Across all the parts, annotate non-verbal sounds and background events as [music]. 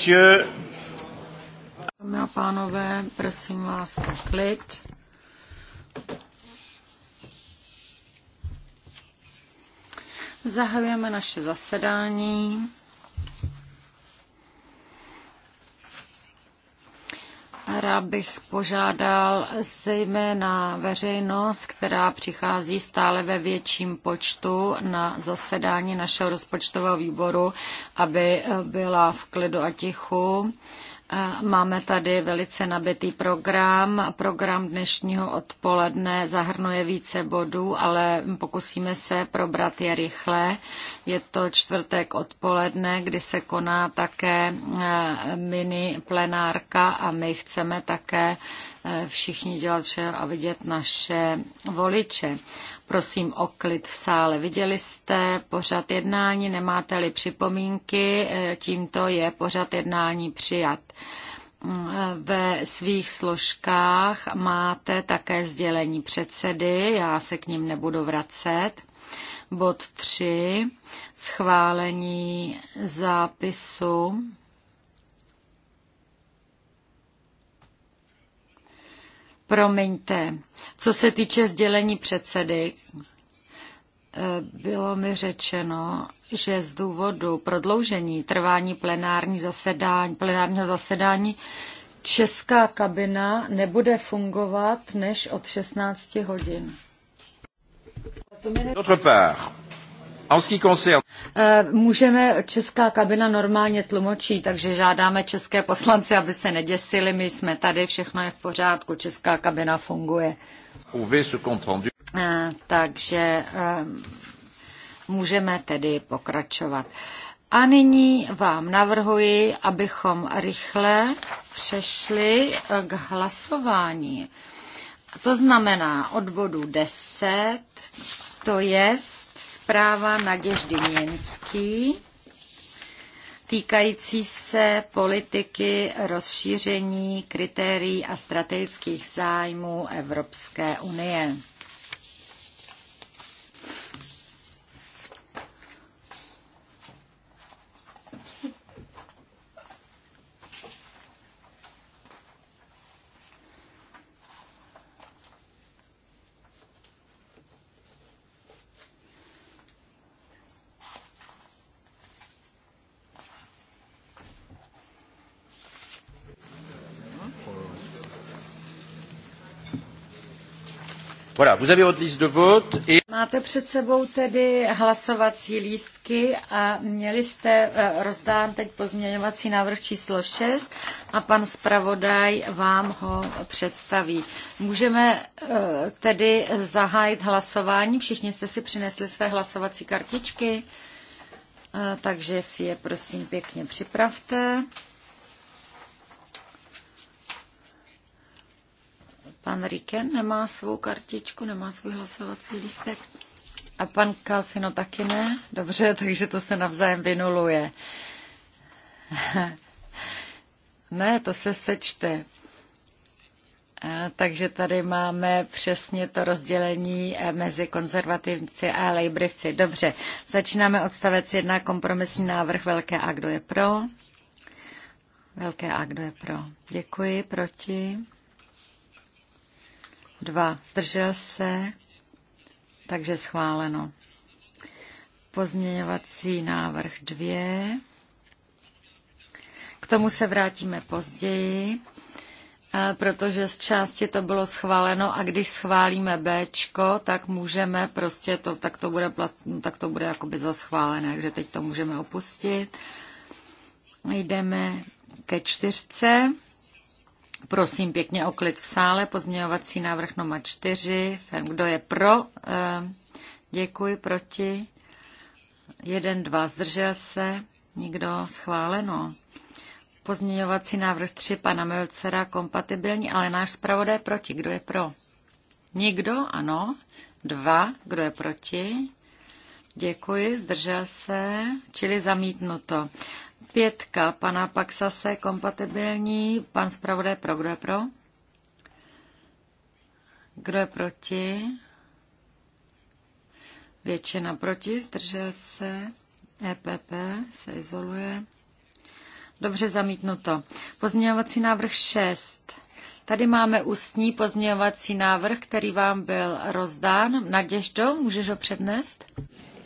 Monsieur. Dámy a pánové, prosím vás o klid. Zahajujeme naše zasedání. Rád bych požádal zejména veřejnost, která přichází stále ve větším počtu na zasedání našeho rozpočtového výboru, aby byla v klidu a tichu. Máme tady velice nabitý program. Program dnešního odpoledne zahrnuje více bodů, ale pokusíme se probrat je rychle. Je to čtvrtek odpoledne, kdy se koná také eh, mini plenárka a my chceme také Eh, všichni dělat vše a vidět naše voliče. Prosím o klid v sále. Viděli jste pořad jednání, nemáte-li připomínky, eh, tímto je pořad jednání přijat. Mm, ve svých složkách máte také sdělení předsedy, já se k ním nebudu vracet. Bod 3. Schválení zápisu Promiňte, co se týče sdělení předsedy, eh, bylo mi řečeno, že z důvodu prodloužení trvání plenární zasedání, plenárního zasedání česká kabina nebude fungovat než od 16 hodin. Eh, můžeme, česká kabina normálně tlumočí, takže žádáme české poslanci, aby se neděsili. My jsme tady, všechno je v pořádku, česká kabina funguje. Eh, takže eh, můžeme tedy pokračovat. A nyní vám navrhuji, abychom rychle přešli k hlasování. To znamená od bodu 10, to jest zpráva Naděždy Měnský týkající se politiky rozšíření kritérií a strategických zájmů Evropské unie. Voilà, vous avez votre liste de vote et... Máte před sebou tedy hlasovací lístky a měli jste eh, rozdán teď pozměňovací návrh číslo 6 a pan zpravodaj vám ho představí. Můžeme eh, tedy zahájit hlasování. Všichni jste si přinesli své hlasovací kartičky, eh, takže si je prosím pěkně připravte. Pan Riken nemá svou kartičku, nemá svůj hlasovací lístek. A pan Kalfino taky ne? Dobře, [laughs] takže to se navzájem vynuluje. [laughs] ne, to se sečte. A, takže tady máme přesně to rozdělení e, mezi konzervativci a lejbrivci. Dobře, začínáme odstavec jedna kompromisní návrh velké A, kdo je pro? Velké A, kdo je pro? Děkuji, proti? 2. Zdržel se, takže schváleno. Pozměňovací návrh 2. K tomu se vrátíme později, eh, protože z části to bylo schváleno a když schválíme B, tak můžeme prostě to, tak to bude, plat, no, tak to bude jakoby za schválené, takže teď to můžeme opustit. Jdeme ke čtyřce. Prosím pěkně o klid v sále. Pozměňovací návrh nr. 4. Kdo je pro? Eh, děkuji. Proti? Jeden, dva. Zdržel se? Nikdo? Schváleno. Pozměňovací návrh 3 pana Mölcera kompatibilní, ale náš zpravodaj proti. Kdo je pro? Nikdo? Ano. Dva. Kdo je proti? Děkuji, zdržel se, čili zamítnuto. Pětka pana Paxase kompatibilní. Pan zpravodaj pro, kdo je pro? Kdo je proti? Většina proti, zdržel se. EPP se izoluje. Dobře zamítnuto. Pozměňovací návrh 6. Tady máme ústní pozměňovací návrh, který vám byl rozdán. Naděždo, můžeš ho přednést?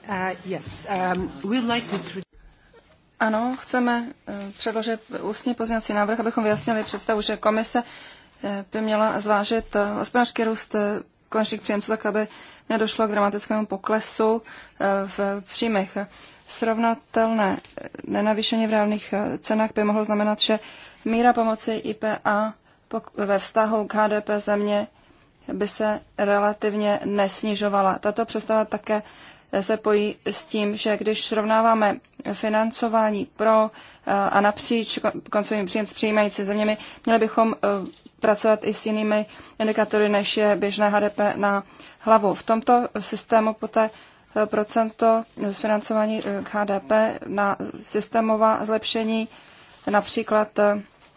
Uh, yes. um, we'd like to... Ano, chceme eh, předložit ústní pozměňovací návrh, abychom vyjasnili představu, že komise eh, by měla zvážit eh, hospodářský růst konečných příjemců tak, aby nedošlo k dramatickému poklesu v příjmech. Srovnatelné nenavýšení v reálných cenách by mohlo znamenat, že míra pomoci IPA ve vztahu k HDP země by se relativně nesnižovala. Tato představa také se pojí s tím, že když srovnáváme financování pro eh, a napříč koncovým příjem s přijímající zeměmi, měli bychom eh, pracovat i s jinými indikátory, než je běžné HDP na hlavu. V tomto systému poté eh, procento z financování k HDP na systémová zlepšení, například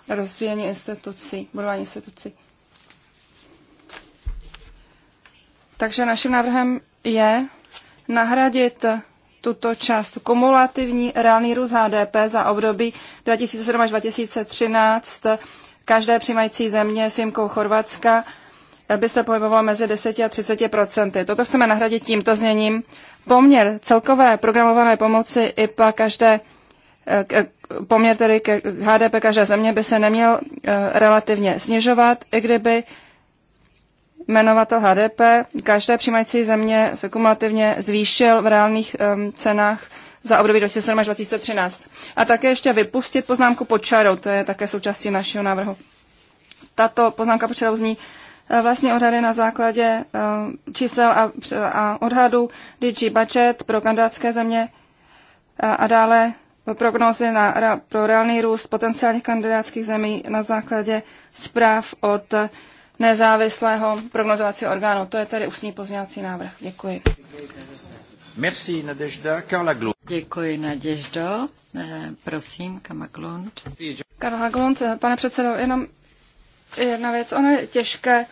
rozvíjení institucí, budování institucí. Takže naším návrhem je nahradit tuto část kumulativní reálný růst HDP za období 2007 až 2013 každé přijímající země s výjimkou Chorvatska by se pohybovalo mezi 10 a 30 procenty. Toto chceme nahradit tímto zněním. Poměr celkové programované pomoci IPA každé eh, poměr tedy k HDP každé země by se neměl eh, relativně snižovat, i kdyby jmenovatel HDP každé přijímající země se kumulativně zvýšil v reálných um, cenách za období 2007 až 2013. A také ještě vypustit poznámku pod čarou, to je také součástí našeho návrhu. Tato poznámka pod čarou zní vlastně odhady na základě uh, čísel a, a odhadů DG budget pro kandidátské země a, eh, a dále prognozy na, pro reálný růst potenciálních kandidátských zemí na základě zpráv od nezávislého prognozovacího orgánu. To je tedy ústní pozměňovací návrh. Děkuji. Merci, Nadežda. Karla Glund. Děkuji, Nadeždo. Eh, prosím, Kama Glund. Karla Glund, eh, pane předsedo, jenom jedna věc. Ono je těžké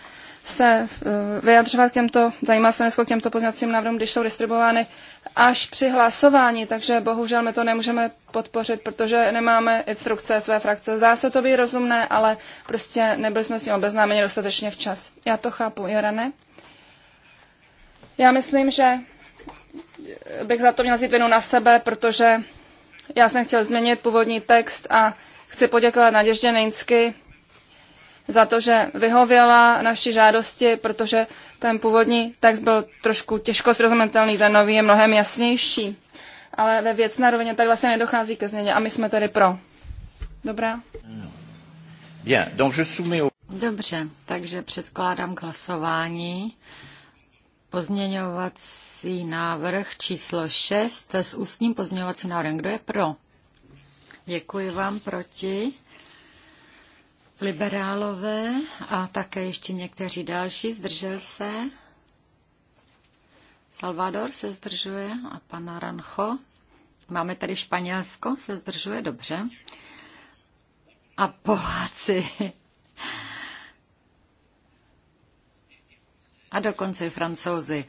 se eh, vyjadřovat k těmto, zajímá se k těmto pozněcím návrhům, když jsou distribuovány až při hlasování, takže bohužel my to nemůžeme podpořit, protože nemáme instrukce své frakce. Zdá se to být rozumné, ale prostě nebyli jsme s ním obeznámeni dostatečně včas. Já to chápu, Jorane. Já myslím, že bych za to měl vzít vinu na sebe, protože já jsem chtěl změnit původní text a chci poděkovat Naděždě Nejnsky za to, že vyhověla naší žádosti, protože ten původní text byl trošku těžko srozumitelný, ten nový je mnohem jasnější. Ale ve věcné rovině tak vlastně nedochází ke změně a my jsme tady pro. Dobrá? Dobře, takže předkládám k hlasování pozměňovací návrh číslo 6 s ústním pozměňovacím návrhem. Kdo je pro? Děkuji vám proti. Liberálové a také ještě někteří další zdržel se. Salvador se zdržuje a pan Rancho. Máme tady Španělsko, se zdržuje dobře. A Poláci. A dokonce i Francouzi.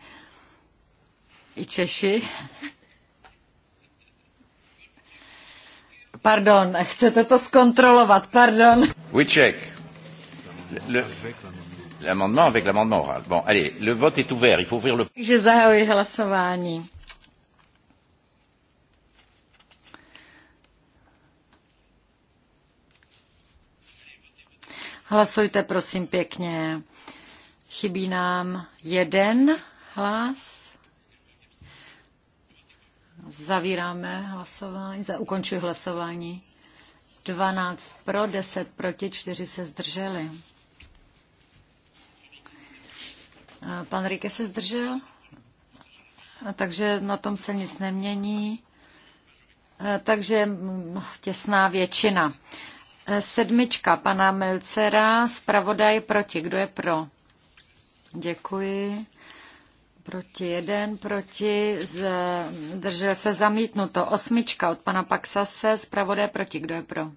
I Češi. Pardon, chcete to zkontrolovat, pardon. We check. L'amendement avec l'amendement oral. Bon, allez, le vote est ouvert, il faut ouvrir le... Takže zahajuji hlasování. Hlasujte prosím pěkně. Chybí nám jeden hlas. Zavíráme hlasování, za, ukončuji hlasování. 12 pro, 10 proti, 4 se zdrželi. Pan Rike se zdržel, takže na tom se nic nemění. Takže těsná většina. Sedmička pana Melcera, zpravodaj proti. Kdo je pro? Děkuji proti jeden, proti, zdržel se zamítnuto. Osmička od pana Paxase, zpravodaj proti, kdo je pro?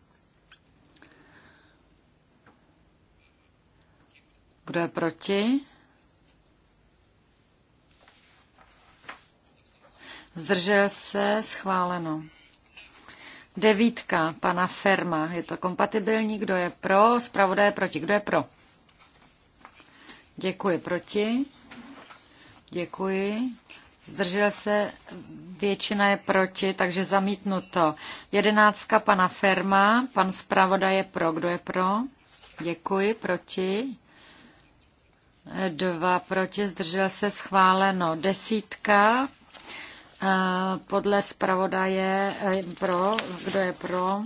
Kdo je proti? Zdržel se, schváleno. Devítka pana Ferma, je to kompatibilní, kdo je pro, zpravodaj proti, kdo je pro? Děkuji, proti. Děkuji. Zdržel se, většina je proti, takže zamítnuto. Jedenáctka pana Ferma, pan zpravodaj je pro. Kdo je pro? Děkuji, proti. Dva proti, zdržel se, schváleno. Desítka, eh, podle zpravodaje eh, pro. Kdo je pro?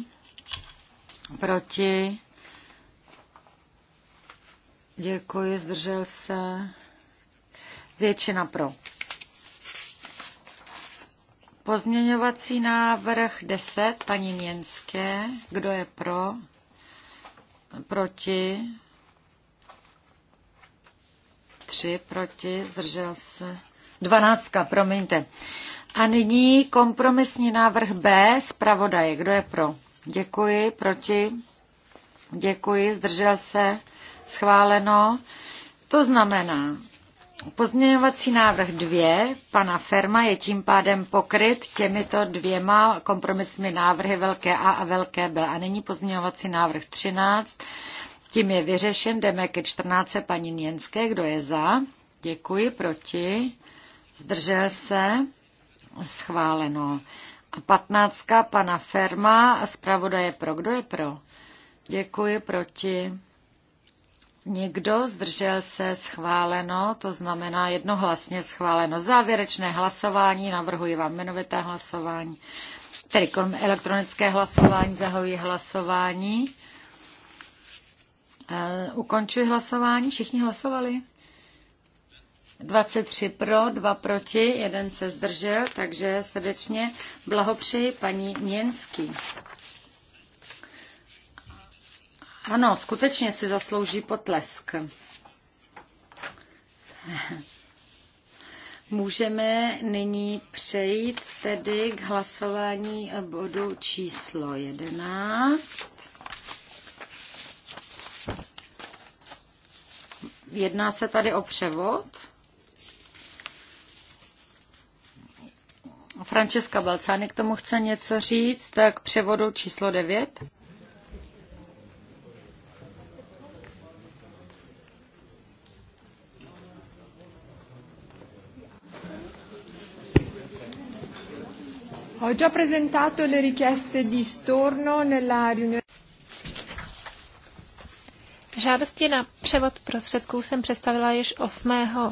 Proti. Děkuji, zdržel se. Většina pro. Pozměňovací návrh 10, paní Měnské. Kdo je pro? Proti? Tři proti, zdržel se. Dvanáctka, promiňte. A nyní kompromisní návrh B, zpravodaje. Kdo je pro? Děkuji, proti? Děkuji, zdržel se. Schváleno. To znamená, Pozměňovací návrh 2 pana Ferma je tím pádem pokryt těmito dvěma kompromisními návrhy velké A a velké B. A nyní pozměňovací návrh 13. Tím je vyřešen. Jdeme ke 14. paní Něnské. Kdo je za? Děkuji. Proti? Zdržel se? Schváleno. A 15. pana Ferma a zpravodaje pro. Kdo je pro? Děkuji. Proti? Někdo zdržel se schváleno, to znamená jednohlasně schváleno. Závěrečné hlasování, navrhuji vám jmenovité hlasování, tedy elektronické hlasování, zahojí hlasování. E, ukončuji hlasování, všichni hlasovali? 23 pro, 2 proti, jeden se zdržel, takže srdečně blahopřeji paní Měnský. Ano, skutečně si zaslouží potlesk. Můžeme nyní přejít tedy k hlasování bodu číslo 11. Jedná se tady o převod. Francesca Balcány k tomu chce něco říct, tak převodu číslo 9. Ho già presentato le richieste di storno nella riunione. Žádosti na převod prostředků jsem představila již 8.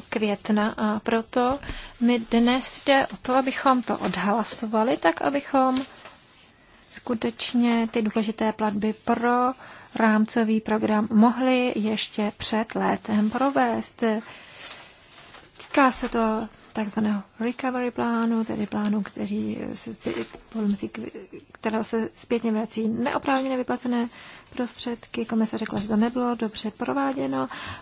května a proto mi dnes jde o to, abychom to odhlasovali, tak abychom skutečně ty důležité platby pro rámcový program mohli ještě před létem provést. Týká se to takzvaného recovery plánu, tedy plánu, který, kterého se zpětně vrací neoprávněně vyplacené prostředky. Komise řekla, že to nebylo dobře prováděno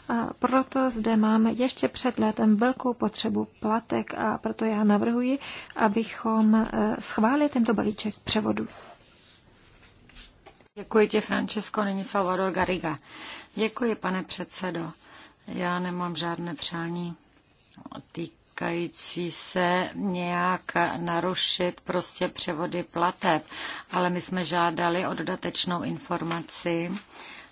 a proto zde máme ještě před létem velkou potřebu platek a proto já navrhuji, abychom eh, schválili tento balíček převodu. Děkuji ti, Francesco, nyní Salvador Gariga. Děkuji, pane předsedo. Já nemám žádné přání týk týkající se nějak narušit prostě převody plateb, ale my jsme žádali o dodatečnou informaci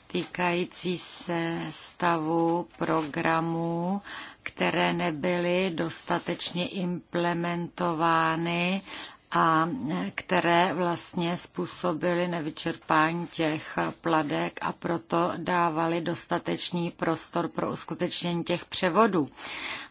týkající se stavu programů, které nebyly dostatečně implementovány a které vlastně způsobily nevyčerpání těch pladek a proto dávali dostatečný prostor pro uskutečnění těch převodů.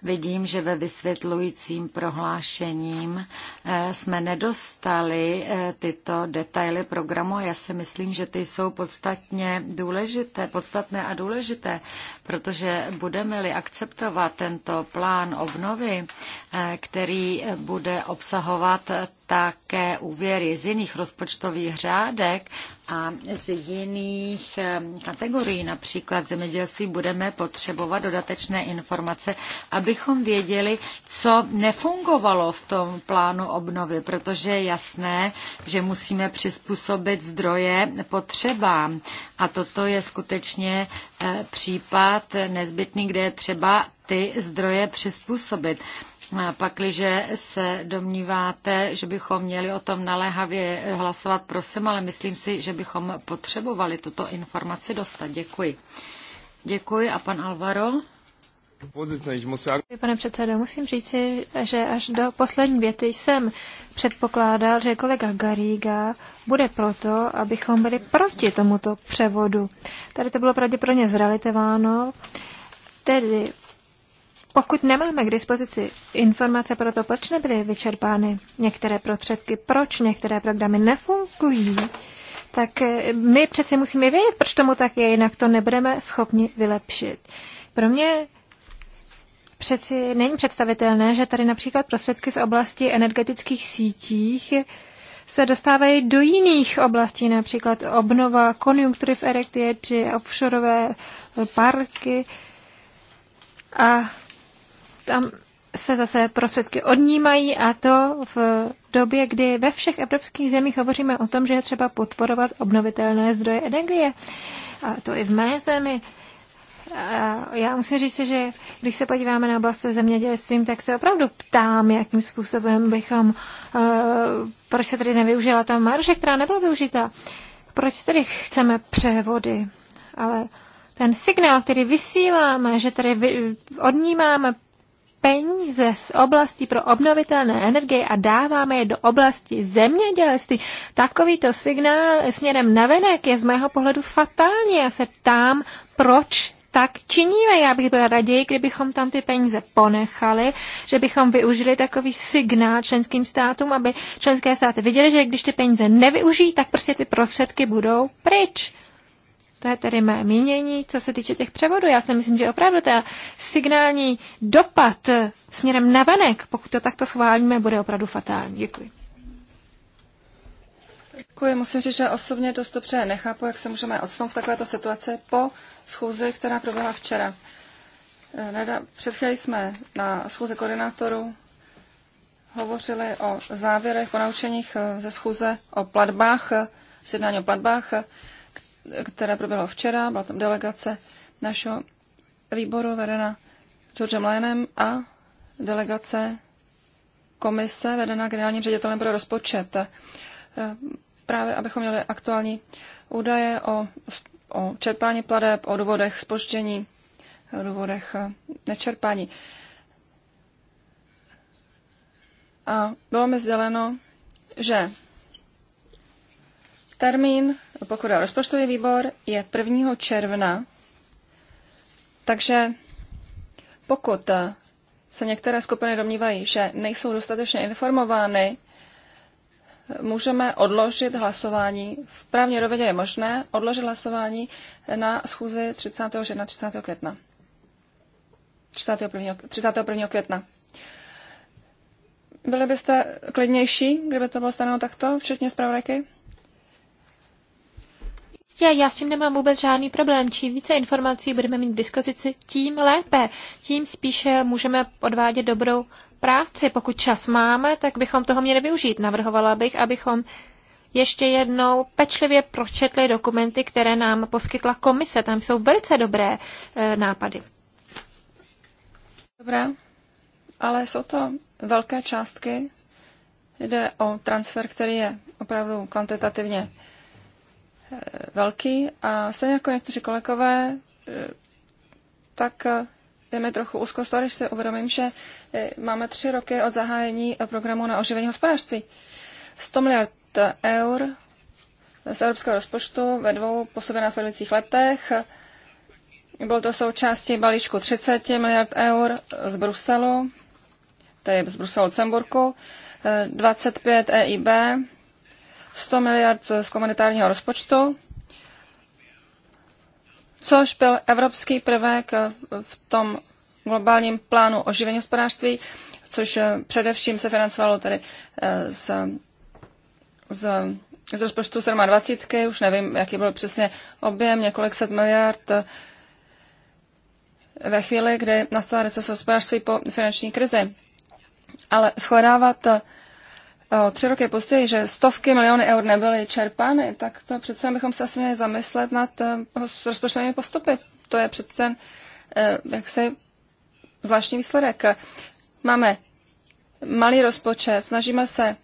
Vidím, že ve vysvětlujícím prohlášením eh, jsme nedostali eh, tyto detaily programu a já si myslím, že ty jsou podstatně důležité, podstatné a důležité, protože budeme-li akceptovat tento plán obnovy, eh, který bude obsahovat také úvěry z jiných rozpočtových řádek a z jiných eh, kategorií, například zemědělství, budeme potřebovat dodatečné informace, abychom věděli, co nefungovalo v tom plánu obnovy, protože je jasné, že musíme přizpůsobit zdroje potřebám. A toto je skutečně eh, případ nezbytný, kde je třeba ty zdroje přizpůsobit. Pakliže se domníváte, že bychom měli o tom naléhavě hlasovat, prosím, ale myslím si, že bychom potřebovali tuto informaci dostat. Děkuji. Děkuji a pan Alvaro. Pane předsedo, musím říci, že až do poslední věty jsem předpokládal, že kolega Garíga bude proto, abychom byli proti tomuto převodu. Tady to bylo pravděpodobně zrealitováno, tedy pokud nemáme k dispozici informace pro to, proč nebyly vyčerpány některé prostředky, proč některé programy nefungují, tak eh, my přeci musíme vědět, proč tomu tak je, jinak to nebudeme schopni vylepšit. Pro mě přeci není představitelné, že tady například prostředky z oblasti energetických sítích se dostávají do jiných oblastí, například obnova konjunktury v Erektě či offshoreové parky. A tam se zase prostředky odnímají a to v době, kdy ve všech evropských zemích hovoříme o tom, že je třeba podporovat obnovitelné zdroje energie. A to i v mé zemi. A já musím říct, že když se podíváme na oblast zemědělstvím, tak se opravdu ptám, jakým způsobem bychom, uh, proč se tedy nevyužila ta marže, která nebyla využita. Proč tedy chceme převody? Ale ten signál, který vysíláme, že tady odnímáme peníze z oblasti pro obnovitelné energie a dáváme je do oblasti zemědělství. Takovýto signál směrem navenek je z mého pohledu fatální. Já se ptám, proč tak činíme. Já bych byla raději, kdybychom tam ty peníze ponechali, že bychom využili takový signál členským státům, aby členské státy viděly, že když ty peníze nevyužijí, tak prostě ty prostředky budou pryč. To je tedy mé mínění, co se týče těch převodů. Já si myslím, že opravdu ten signální dopad směrem venek, pokud to takto schválíme, bude opravdu fatální. Děkuji. Děkuji. Musím říct, že osobně dost dobře nechápu, jak se můžeme odstoupit v takovéto situaci po schůzi, která proběhla včera. Eh, před chvíli jsme na schůzi koordinátorů hovořili o závěrech, o naučeních eh, ze schůze o platbách, sjednání eh, o platbách které proběhlo včera, byla tam delegace našeho výboru vedena Georgem Lénem a delegace komise vedena generálním ředitelem pro rozpočet. Eh, právě abychom měli aktuální údaje o, o čerpání pladeb, o důvodech spoždění, o důvodech eh, nečerpání. A bylo mi sděleno, že Termín, pokud je rozpočtový výbor, je 1. června, takže pokud se některé skupiny domnívají, že nejsou dostatečně informovány, můžeme odložit hlasování. V právní rovině je možné odložit hlasování na schůzi 30. 31. května. 31. května. Byli byste klidnější, kdyby to bylo stanoveno takto, včetně zpravodajky? Já, prostě já s tím nemám vůbec žádný problém. Čím více informací budeme mít k dispozici, tím lépe. Tím spíše můžeme odvádět dobrou práci. Pokud čas máme, tak bychom toho měli využít. Navrhovala bych, abychom ještě jednou pečlivě pročetli dokumenty, které nám poskytla komise. Tam jsou velice dobré e, nápady. Dobré, ale jsou to velké částky. Jde o transfer, který je opravdu kvantitativně velký a stejně jako někteří kolegové, eh, tak eh, je mi trochu úzkost, když si uvědomím, že eh, máme tři roky od zahájení programu na oživení hospodářství. 100 miliard eur z evropského rozpočtu ve dvou po sobě následujících letech. Bylo to součástí balíčku 30 miliard eur z Bruselu, tedy z Bruselu Lucemburku, 25 EIB, 100 miliard z komunitárního rozpočtu, což byl evropský prvek v tom globálním plánu oživení hospodářství, což eh, především se financovalo tedy eh, z, z, z rozpočtu 27, už nevím, jaký byl přesně objem, několik set miliard eh, ve chvíli, kdy nastala recese hospodářství po finanční krizi. Ale shledávat o tři roky později, že stovky miliony eur nebyly čerpány, tak to přece bychom se asi měli zamyslet nad eh, rozpočtovými postupy. To je přece ten eh, jaksi zvláštní výsledek. Máme malý rozpočet, snažíme se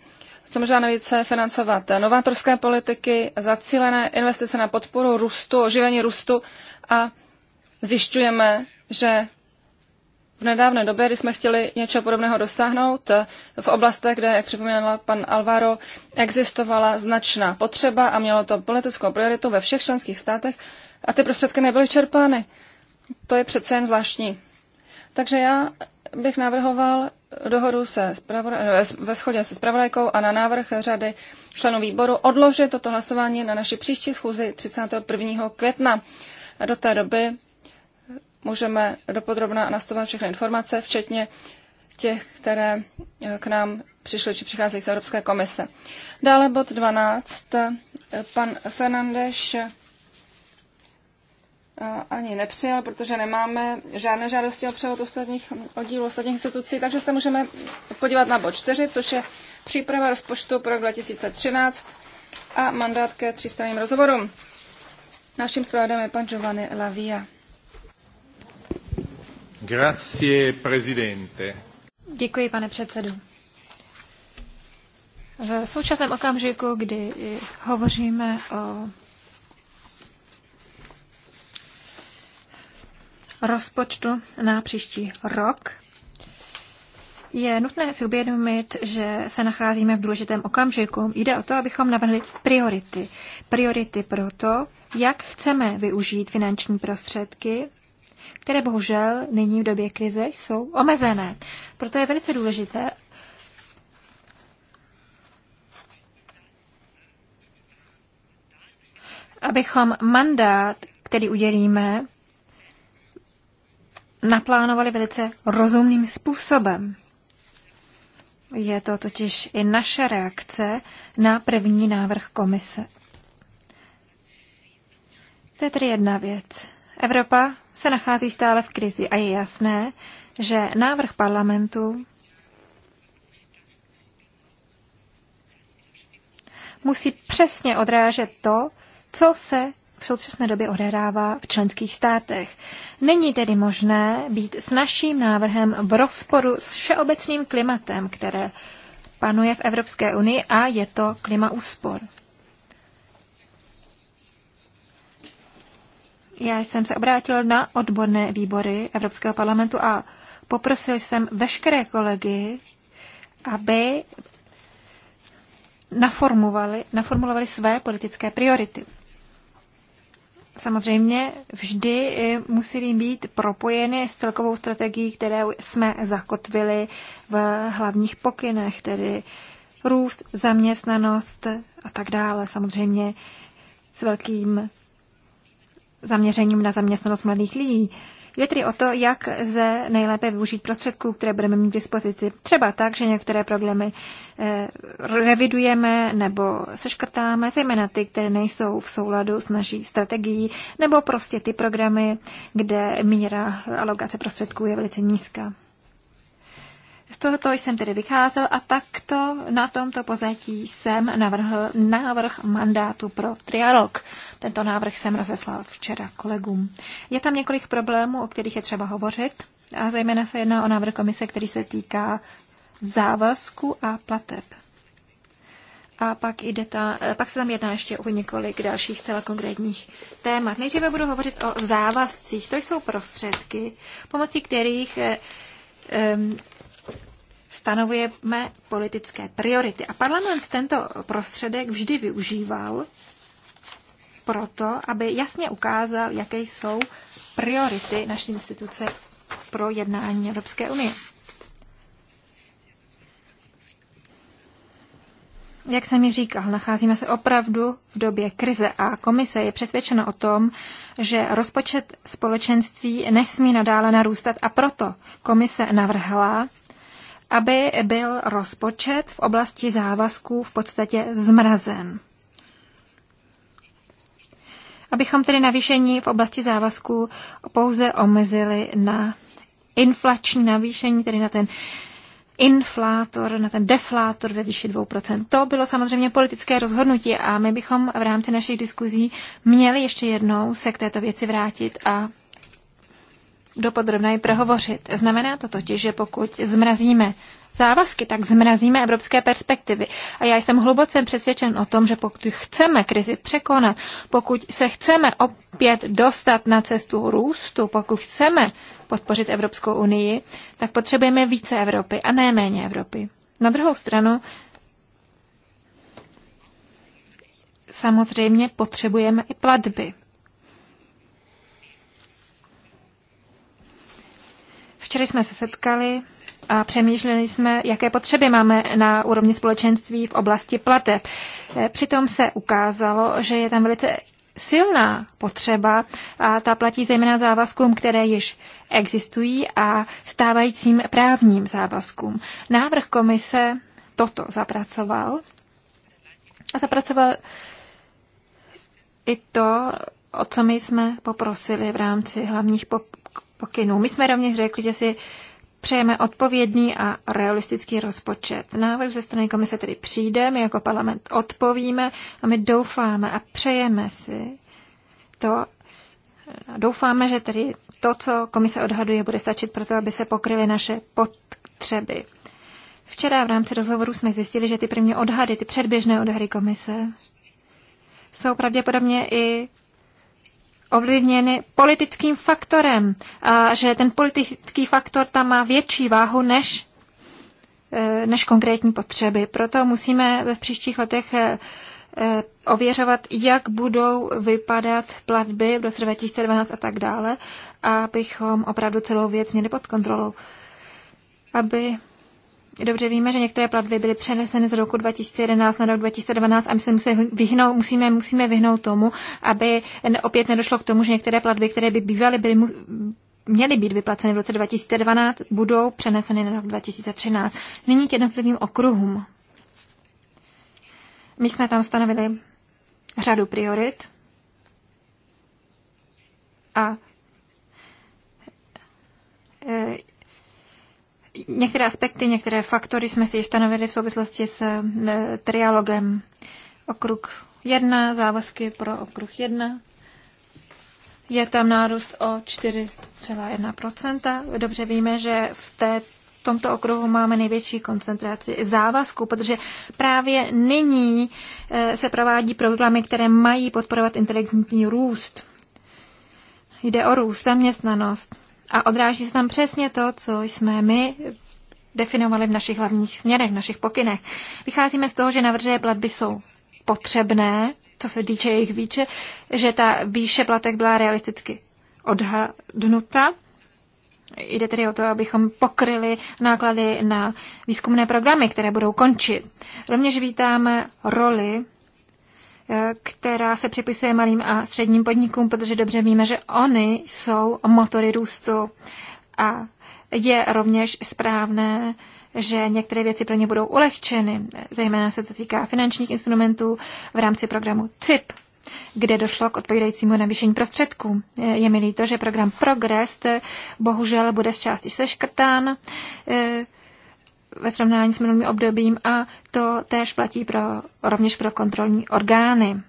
co možná nejvíce financovat novátorské politiky, zacílené investice na podporu růstu, oživení růstu a zjišťujeme, že v nedávné době, kdy jsme chtěli něco podobného dosáhnout eh, v oblastech, kde, jak připomínal pan Alvaro, existovala značná potřeba a mělo to politickou prioritu ve všech členských státech a ty prostředky nebyly čerpány. To je přece jen zvláštní. Takže já bych navrhoval dohodu se eh, ve shodě se spravodajkou a na návrh řady členů výboru odložit toto hlasování na naši příští schůzi 31. května. A do té doby můžeme dopodrobna nastavovat všechny informace, včetně těch, které eh, k nám přišly či přicházejí z Evropské komise. Dále bod 12. Pan Fernandeš eh, ani nepřijal, protože nemáme žádné žádosti o převod ostatních oddílů, ostatních institucí, takže se můžeme podívat na bod 4, což je příprava rozpočtu pro rok 2013 a mandát ke třístranným rozhovorům. Naším zpravodajem je pan Giovanni Lavia. Grazie, prezidente. Děkuji, pane předsedu. V současném okamžiku, kdy hovoříme o rozpočtu na příští rok, je nutné si uvědomit, že se nacházíme v důležitém okamžiku. Jde o to, abychom navrhli priority. Priority pro to, jak chceme využít finanční prostředky které bohužel nyní v době krize jsou omezené. Proto je velice důležité, abychom mandát, který udělíme, naplánovali velice rozumným způsobem. Je to totiž i naše reakce na první návrh komise. To je tedy jedna věc. Evropa se nachází stále v krizi a je jasné, že návrh parlamentu musí přesně odrážet to, co se v současné době odehrává v členských státech. Není tedy možné být s naším návrhem v rozporu s všeobecným klimatem, které panuje v Evropské unii a je to klima úspor. Já jsem se obrátil na odborné výbory Evropského parlamentu a poprosil jsem veškeré kolegy, aby naformulovali, naformulovali své politické priority. Samozřejmě vždy eh, musí být propojeny s celkovou strategií, kterou jsme zakotvili v hlavních pokynech, tedy růst, zaměstnanost a tak dále. Samozřejmě s velkým zaměřením na zaměstnanost mladých lidí. Jde tedy o to, jak ze nejlépe využít prostředků, které budeme mít k dispozici. Třeba tak, že některé problémy eh, revidujeme nebo seškrtáme, zejména ty, které nejsou v souladu s naší strategií, nebo prostě ty programy, kde míra alokace prostředků je velice nízká. Z tohoto jsem tedy vycházel a takto na tomto pozetí jsem navrhl návrh mandátu pro trialog. Tento návrh jsem rozeslal včera kolegům. Je tam několik problémů, o kterých je třeba hovořit a zejména se jedná o návrh komise, který se týká závazku a plateb. A pak, jde ta, pak se tam jedná ještě o několik dalších zcela konkrétních témat. Nejdříve budu hovořit o závazcích. To jsou prostředky, pomocí kterých eh, stanovujeme politické priority. A parlament tento prostředek vždy využíval proto, aby jasně ukázal, jaké jsou priority naší instituce pro jednání Evropské unie. Jak jsem mi říkal, nacházíme se opravdu v době krize a komise je přesvědčena o tom, že rozpočet společenství nesmí nadále narůstat a proto komise navrhla aby byl rozpočet v oblasti závazků v podstatě zmrazen. Abychom tedy navýšení v oblasti závazků pouze omezili na inflační navýšení, tedy na ten inflátor, na ten deflátor ve výši 2%. To bylo samozřejmě politické rozhodnutí a my bychom v rámci našich diskuzí měli ještě jednou se k této věci vrátit a i prohovořit. Znamená to totiž, že pokud zmrazíme závazky, tak zmrazíme evropské perspektivy. A já jsem hluboce přesvědčen o tom, že pokud chceme krizi překonat, pokud se chceme opět dostat na cestu růstu, pokud chceme podpořit Evropskou unii, tak potřebujeme více Evropy a ne méně Evropy. Na druhou stranu, samozřejmě potřebujeme i platby. Včera jsme se setkali a přemýšleli jsme, jaké potřeby máme na úrovni společenství v oblasti plateb. Eh, přitom se ukázalo, že je tam velice silná potřeba a ta platí zejména závazkům, které již existují a stávajícím právním závazkům. Návrh komise toto zapracoval a zapracoval i to, o co my jsme poprosili v rámci hlavních pokynů. My jsme rovněž řekli, že si přejeme odpovědný a realistický rozpočet. Návrh ze strany komise tedy přijde, my jako parlament odpovíme a my doufáme a přejeme si to, doufáme, že tedy to, co komise odhaduje, bude stačit pro to, aby se pokryly naše potřeby. Včera v rámci rozhovoru jsme zjistili, že ty první odhady, ty předběžné odhady komise, jsou pravděpodobně i ovlivněny politickým faktorem a že ten politický faktor tam má větší váhu než, eh, než konkrétní potřeby. Proto musíme v příštích letech eh, eh, ověřovat, jak budou vypadat platby v roce 2012 a tak dále, abychom opravdu celou věc měli pod kontrolou. Aby dobře víme, že některé platby byly přeneseny z roku 2011 na rok 2012 a my se musíme vyhnout, musíme, musíme vyhnout tomu, aby opět nedošlo k tomu, že některé platby, které by bývaly, byly, měly být vyplaceny v roce 2012, budou přeneseny na rok 2013. Nyní k jednotlivým okruhům. My jsme tam stanovili řadu priorit a e, Některé aspekty, některé faktory jsme si stanovili v souvislosti s eh, trialogem okruh 1, závazky pro okruh 1. Je tam nárůst o 4,1%. Dobře víme, že v té v tomto okruhu máme největší koncentraci závazků, protože právě nyní eh, se provádí programy, které mají podporovat inteligentní růst. Jde o růst, zaměstnanost a odráží se tam přesně to, co jsme my definovali v našich hlavních směrech, v našich pokynech. Vycházíme z toho, že navržené platby jsou potřebné, co se týče jejich výče, že ta výše platek byla realisticky odhadnuta. Jde tedy o to, abychom pokryli náklady na výzkumné programy, které budou končit. Rovněž vítáme roli která se připisuje malým a středním podnikům, protože dobře víme, že oni jsou motory růstu. A je rovněž správné, že některé věci pro ně budou ulehčeny, zejména se to týká finančních instrumentů v rámci programu CIP, kde došlo k odpovídajícímu navýšení prostředků. Je mi líto, že program Progress bohužel bude z části seškrtán. E, ve srovnání s minulým obdobím a to též platí pro, rovněž pro kontrolní orgány.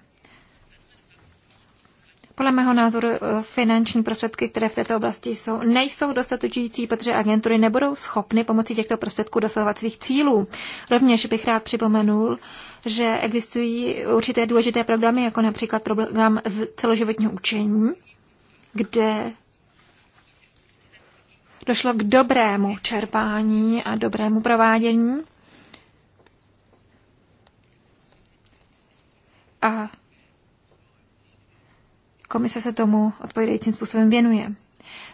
Podle mého názoru eh, finanční prostředky, které v této oblasti jsou, nejsou dostatující, protože agentury nebudou schopny pomocí těchto prostředků dosahovat svých cílů. Rovněž bych rád připomenul, že existují určité důležité programy, jako například program z celoživotního učení, kde došlo k dobrému čerpání a dobrému provádění. A komise se tomu odpovídajícím způsobem věnuje.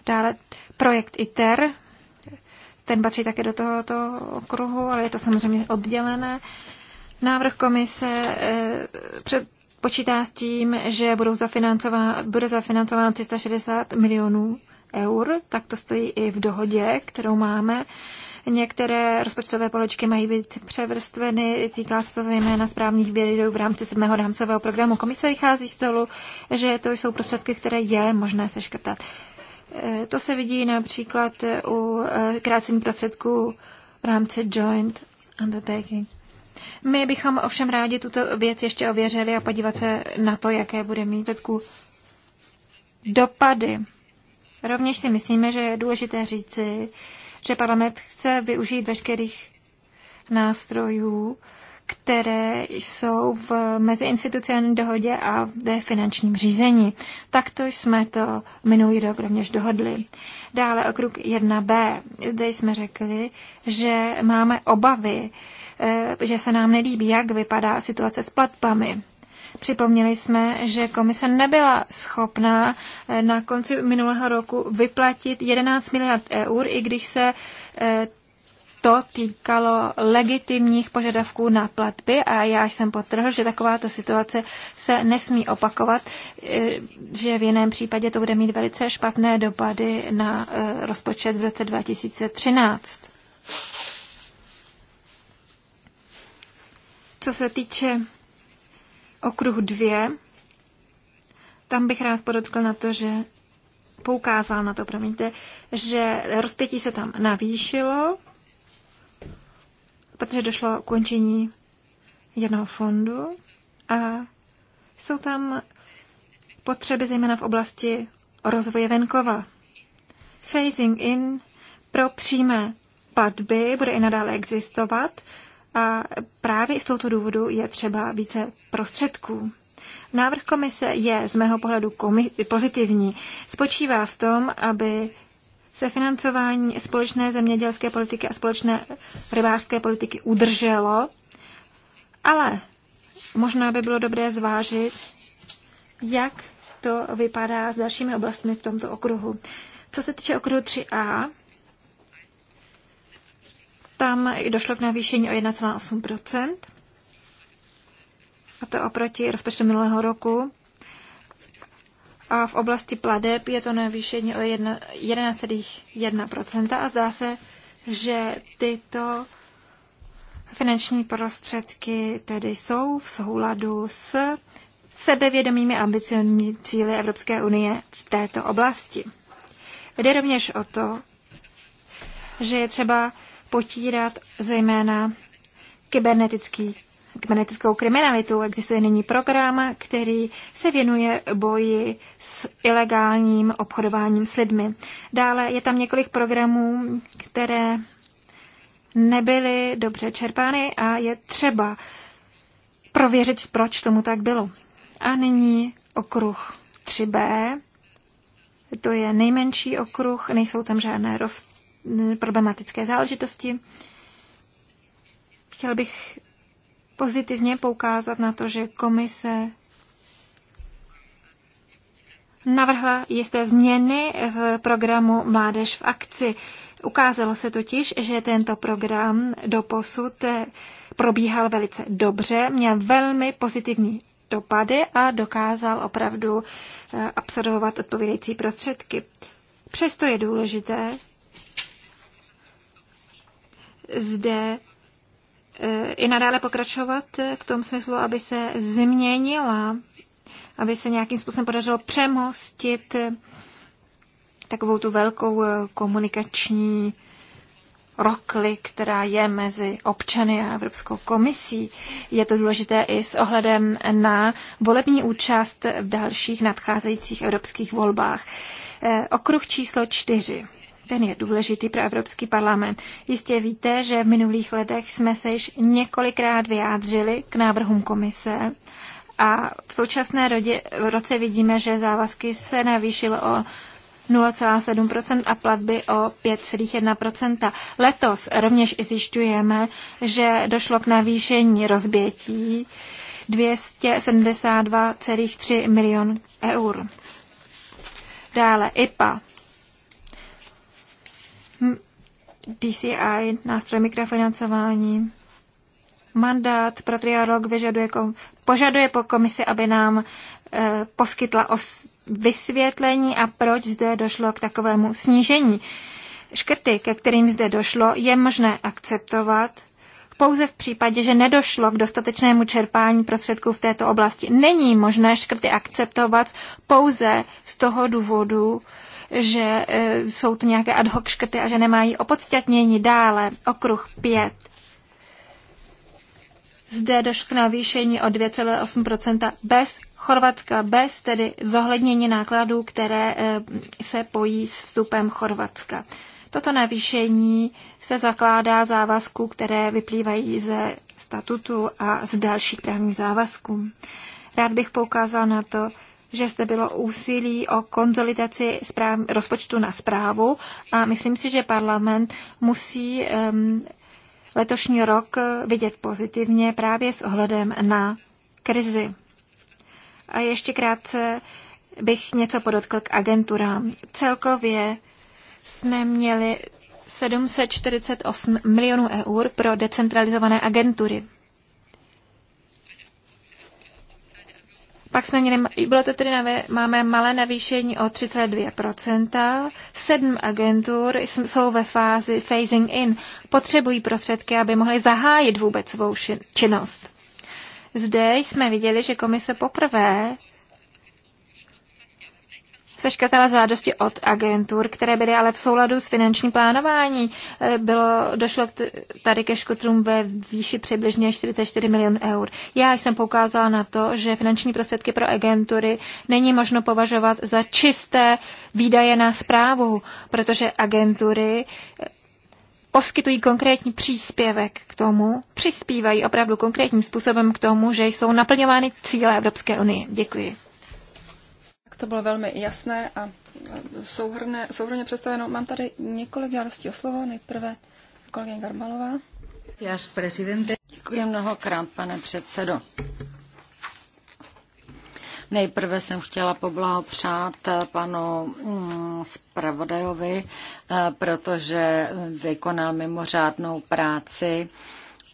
Dále projekt ITER, ten patří také do tohoto okruhu, ale je to samozřejmě oddělené. Návrh komise eh, před, počítá s tím, že budou zafinancován, bude zafinancován 360 milionů eur, tak to stojí i v dohodě, kterou máme. Některé rozpočtové poločky mají být převrstveny, týká se to zejména správních vědů v rámci sedmého rámcového programu. Komise vychází z toho, že to jsou prostředky, které je možné seškrtat. Eh, to se vidí například u eh, krácení prostředků v rámci joint undertaking. My bychom ovšem rádi tuto věc ještě ověřili a podívat se na to, jaké bude mít dopady. Rovněž si myslíme, že je důležité říci, že parlament chce využít veškerých nástrojů, které jsou v meziinstitucionální dohodě a ve finančním řízení. Takto jsme to minulý rok rovněž dohodli. Dále okruh 1b. Zde jsme řekli, že máme obavy, eh, že se nám nelíbí, jak vypadá situace s platbami. Připomněli jsme, že komise nebyla schopná eh, na konci minulého roku vyplatit 11 miliard eur, i když se eh, to týkalo legitimních požadavků na platby a já jsem potrhl, že takováto situace se nesmí opakovat, eh, že v jiném případě to bude mít velice špatné dopady na rozpočet v roce 2013. Co se týče okruh dvě. tam bych rád podotkl na to, že poukázal na to, promiňte, že rozpětí se tam navýšilo, protože došlo k končení jednoho fondu a jsou tam potřeby zejména v oblasti rozvoje venkova. Phasing in pro přímé platby bude i nadále existovat, a právě z tohoto důvodu je třeba více prostředků. Návrh komise je z mého pohledu pozitivní. Spočívá v tom, aby se financování společné zemědělské politiky a společné rybářské politiky udrželo, ale možná by bylo dobré zvážit, jak to vypadá s dalšími oblastmi v tomto okruhu. Co se týče okruhu 3a, tam došlo k navýšení o 1,8 a to oproti rozpočtu minulého roku. A v oblasti pladeb je to navýšení o 11,1 a zdá se, že tyto finanční prostředky tedy jsou v souladu s sebevědomými ambicionními cíly Evropské unie v této oblasti. Jde rovněž o to, že je třeba potírat zejména kybernetický kybernetickou kriminalitu. Existuje nyní program, který se věnuje boji s ilegálním obchodováním s lidmi. Dále je tam několik programů, které nebyly dobře čerpány a je třeba prověřit, proč tomu tak bylo. A nyní okruh 3b. To je nejmenší okruh, nejsou tam žádné rozpočty problematické záležitosti. Chtěl bych pozitivně poukázat na to, že komise navrhla jisté změny v programu Mládež v akci. Ukázalo se totiž, že tento program do posud eh, probíhal velice dobře, měl velmi pozitivní dopady a dokázal opravdu eh, absorbovat odpovídající prostředky. Přesto je důležité, zde eh, i nadále pokračovat v tom smyslu, aby se změnila, aby se nějakým způsobem podařilo přemostit eh, takovou tu velkou eh, komunikační rokli, která je mezi občany a Evropskou komisí. Je to důležité i s ohledem na volební účast v dalších nadcházejících evropských volbách. Okruh číslo čtyři ten je důležitý pro Evropský parlament. Jistě víte, že v minulých letech jsme se již několikrát vyjádřili k návrhům komise a v současné rodě, roce vidíme, že závazky se navýšily o 0,7% a platby o 5,1%. Letos rovněž i zjišťujeme, že došlo k navýšení rozbětí 272,3 milion eur. Dále IPA DCI, nástroj mikrofinancování. Mandát pro triálog vyžaduje, požaduje po komisi, aby nám e, poskytla os, vysvětlení a proč zde došlo k takovému snížení. Škrty, ke kterým zde došlo, je možné akceptovat pouze v případě, že nedošlo k dostatečnému čerpání prostředků v této oblasti. Není možné škrty akceptovat pouze z toho důvodu, že e, jsou to nějaké ad hoc škrty a že nemají opodstatnění. Dále okruh 5. Zde došlo k navýšení o 2,8 bez Chorvatska, bez tedy zohlednění nákladů, které e, se pojí s vstupem Chorvatska. Toto navýšení se zakládá závazků, které vyplývají ze statutu a z dalších právních závazků. Rád bych poukázal na to, že zde bylo úsilí o konzolidaci správ, rozpočtu na zprávu a myslím si, že parlament musí um, letošní rok vidět pozitivně právě s ohledem na krizi. A ještě krátce bych něco podotkl k agenturám. Celkově jsme měli 748 milionů eur pro decentralizované agentury. Pak jsme měli, bylo to tedy, máme malé navýšení o 3,2%. Sedm agentur jsou ve fázi phasing in. Potřebují prostředky, aby mohly zahájit vůbec svou činnost. Zde jsme viděli, že komise poprvé seškrtala zádosti od agentur, které byly ale v souladu s finančním plánování. Eh, bylo, došlo tady ke škotrům ve výši přibližně 44 milionů eur. Já jsem poukázala na to, že finanční prostředky pro agentury není možno považovat za čisté výdaje na zprávu, protože agentury eh, poskytují konkrétní příspěvek k tomu, přispívají opravdu konkrétním způsobem k tomu, že jsou naplňovány cíle Evropské unie. Děkuji. To bylo velmi jasné a souhrne, souhrně představeno. Mám tady několik žádostí o slovo. Nejprve kolegyně Garmalová. Děkuji mnohokrát, pane předsedo. Nejprve jsem chtěla poblahopřát panu mm, zpravodajovi, eh, protože vykonal mimořádnou práci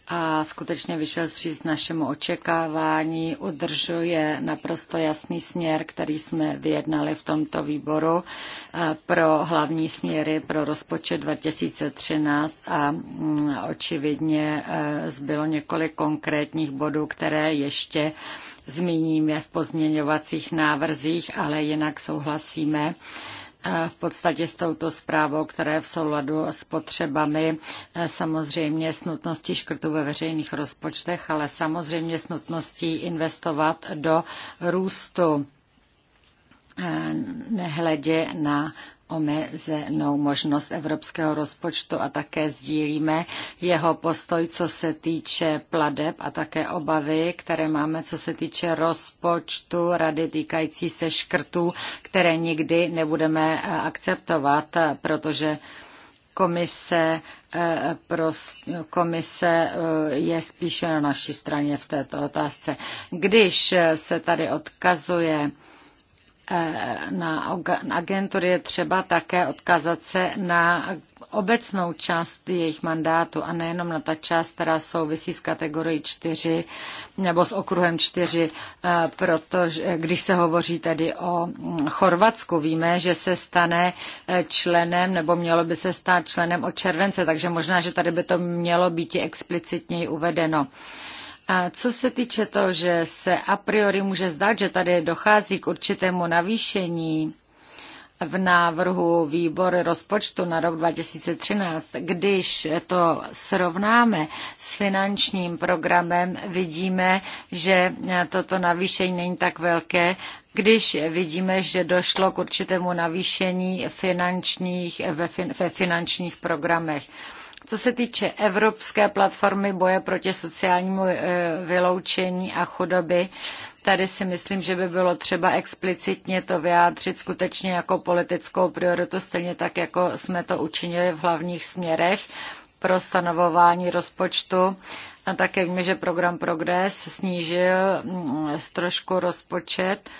a skutečně vyšel stříc našemu očekávání, udržuje naprosto jasný směr, který jsme vyjednali v tomto výboru eh, pro hlavní směry pro rozpočet 2013 a mm, očividně eh, zbylo několik konkrétních bodů, které ještě zmíníme v pozměňovacích návrzích, ale jinak souhlasíme v podstatě s touto zprávou, která v souladu s potřebami, e, samozřejmě s nutností škrtů ve veřejných rozpočtech, ale samozřejmě s nutností investovat do růstu e, nehledě na omezenou možnost evropského rozpočtu a také sdílíme jeho postoj, co se týče pladeb a také obavy, které máme, co se týče rozpočtu rady týkající se škrtů, které nikdy nebudeme eh, akceptovat, protože komise, eh, komise eh, je spíše na naší straně v této otázce. Když se tady odkazuje Eh, na agentury je třeba také odkazat se na obecnou část jejich mandátu a nejenom na ta část, která souvisí s kategorií 4 nebo s okruhem 4, eh, protože když se hovoří tedy o mm, Chorvatsku, víme, že se stane eh, členem nebo mělo by se stát členem od července, takže možná, že tady by to mělo být i explicitněji uvedeno. Uh, a co se týče toho, že se a priori může zdát, že tady dochází k určitému navýšení v návrhu výbor rozpočtu na rok 2013, když to srovnáme s finančním programem, vidíme, že toto navýšení není tak velké, když vidíme, že došlo k určitému navýšení finančních, ve, fin, ve finančních programech. Co se týče Evropské platformy boje proti sociálnímu eh, vyloučení a chudoby, tady si myslím, že by bylo třeba explicitně to vyjádřit skutečně jako politickou prioritu, stejně tak, jako jsme to učinili v hlavních směrech pro stanovování rozpočtu. A také víme, že program Progress snížil mm, trošku rozpočet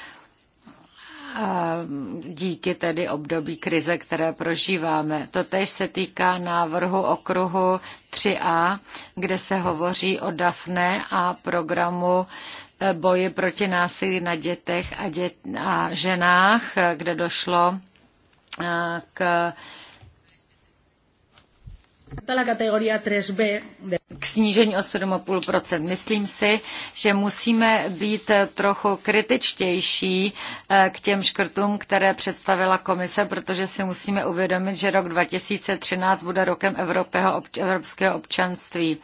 díky tedy období krize, které prožíváme. Totež se týká návrhu okruhu 3a, kde se hovoří o DAFNE a programu eh, boje proti násilí na dětech a, dět, a ženách, eh, kde došlo eh, k k snížení o 7,5%. Myslím si, že musíme být trochu kritičtější eh, k těm škrtům, které představila komise, protože si musíme uvědomit, že rok 2013 bude rokem evropského občanství.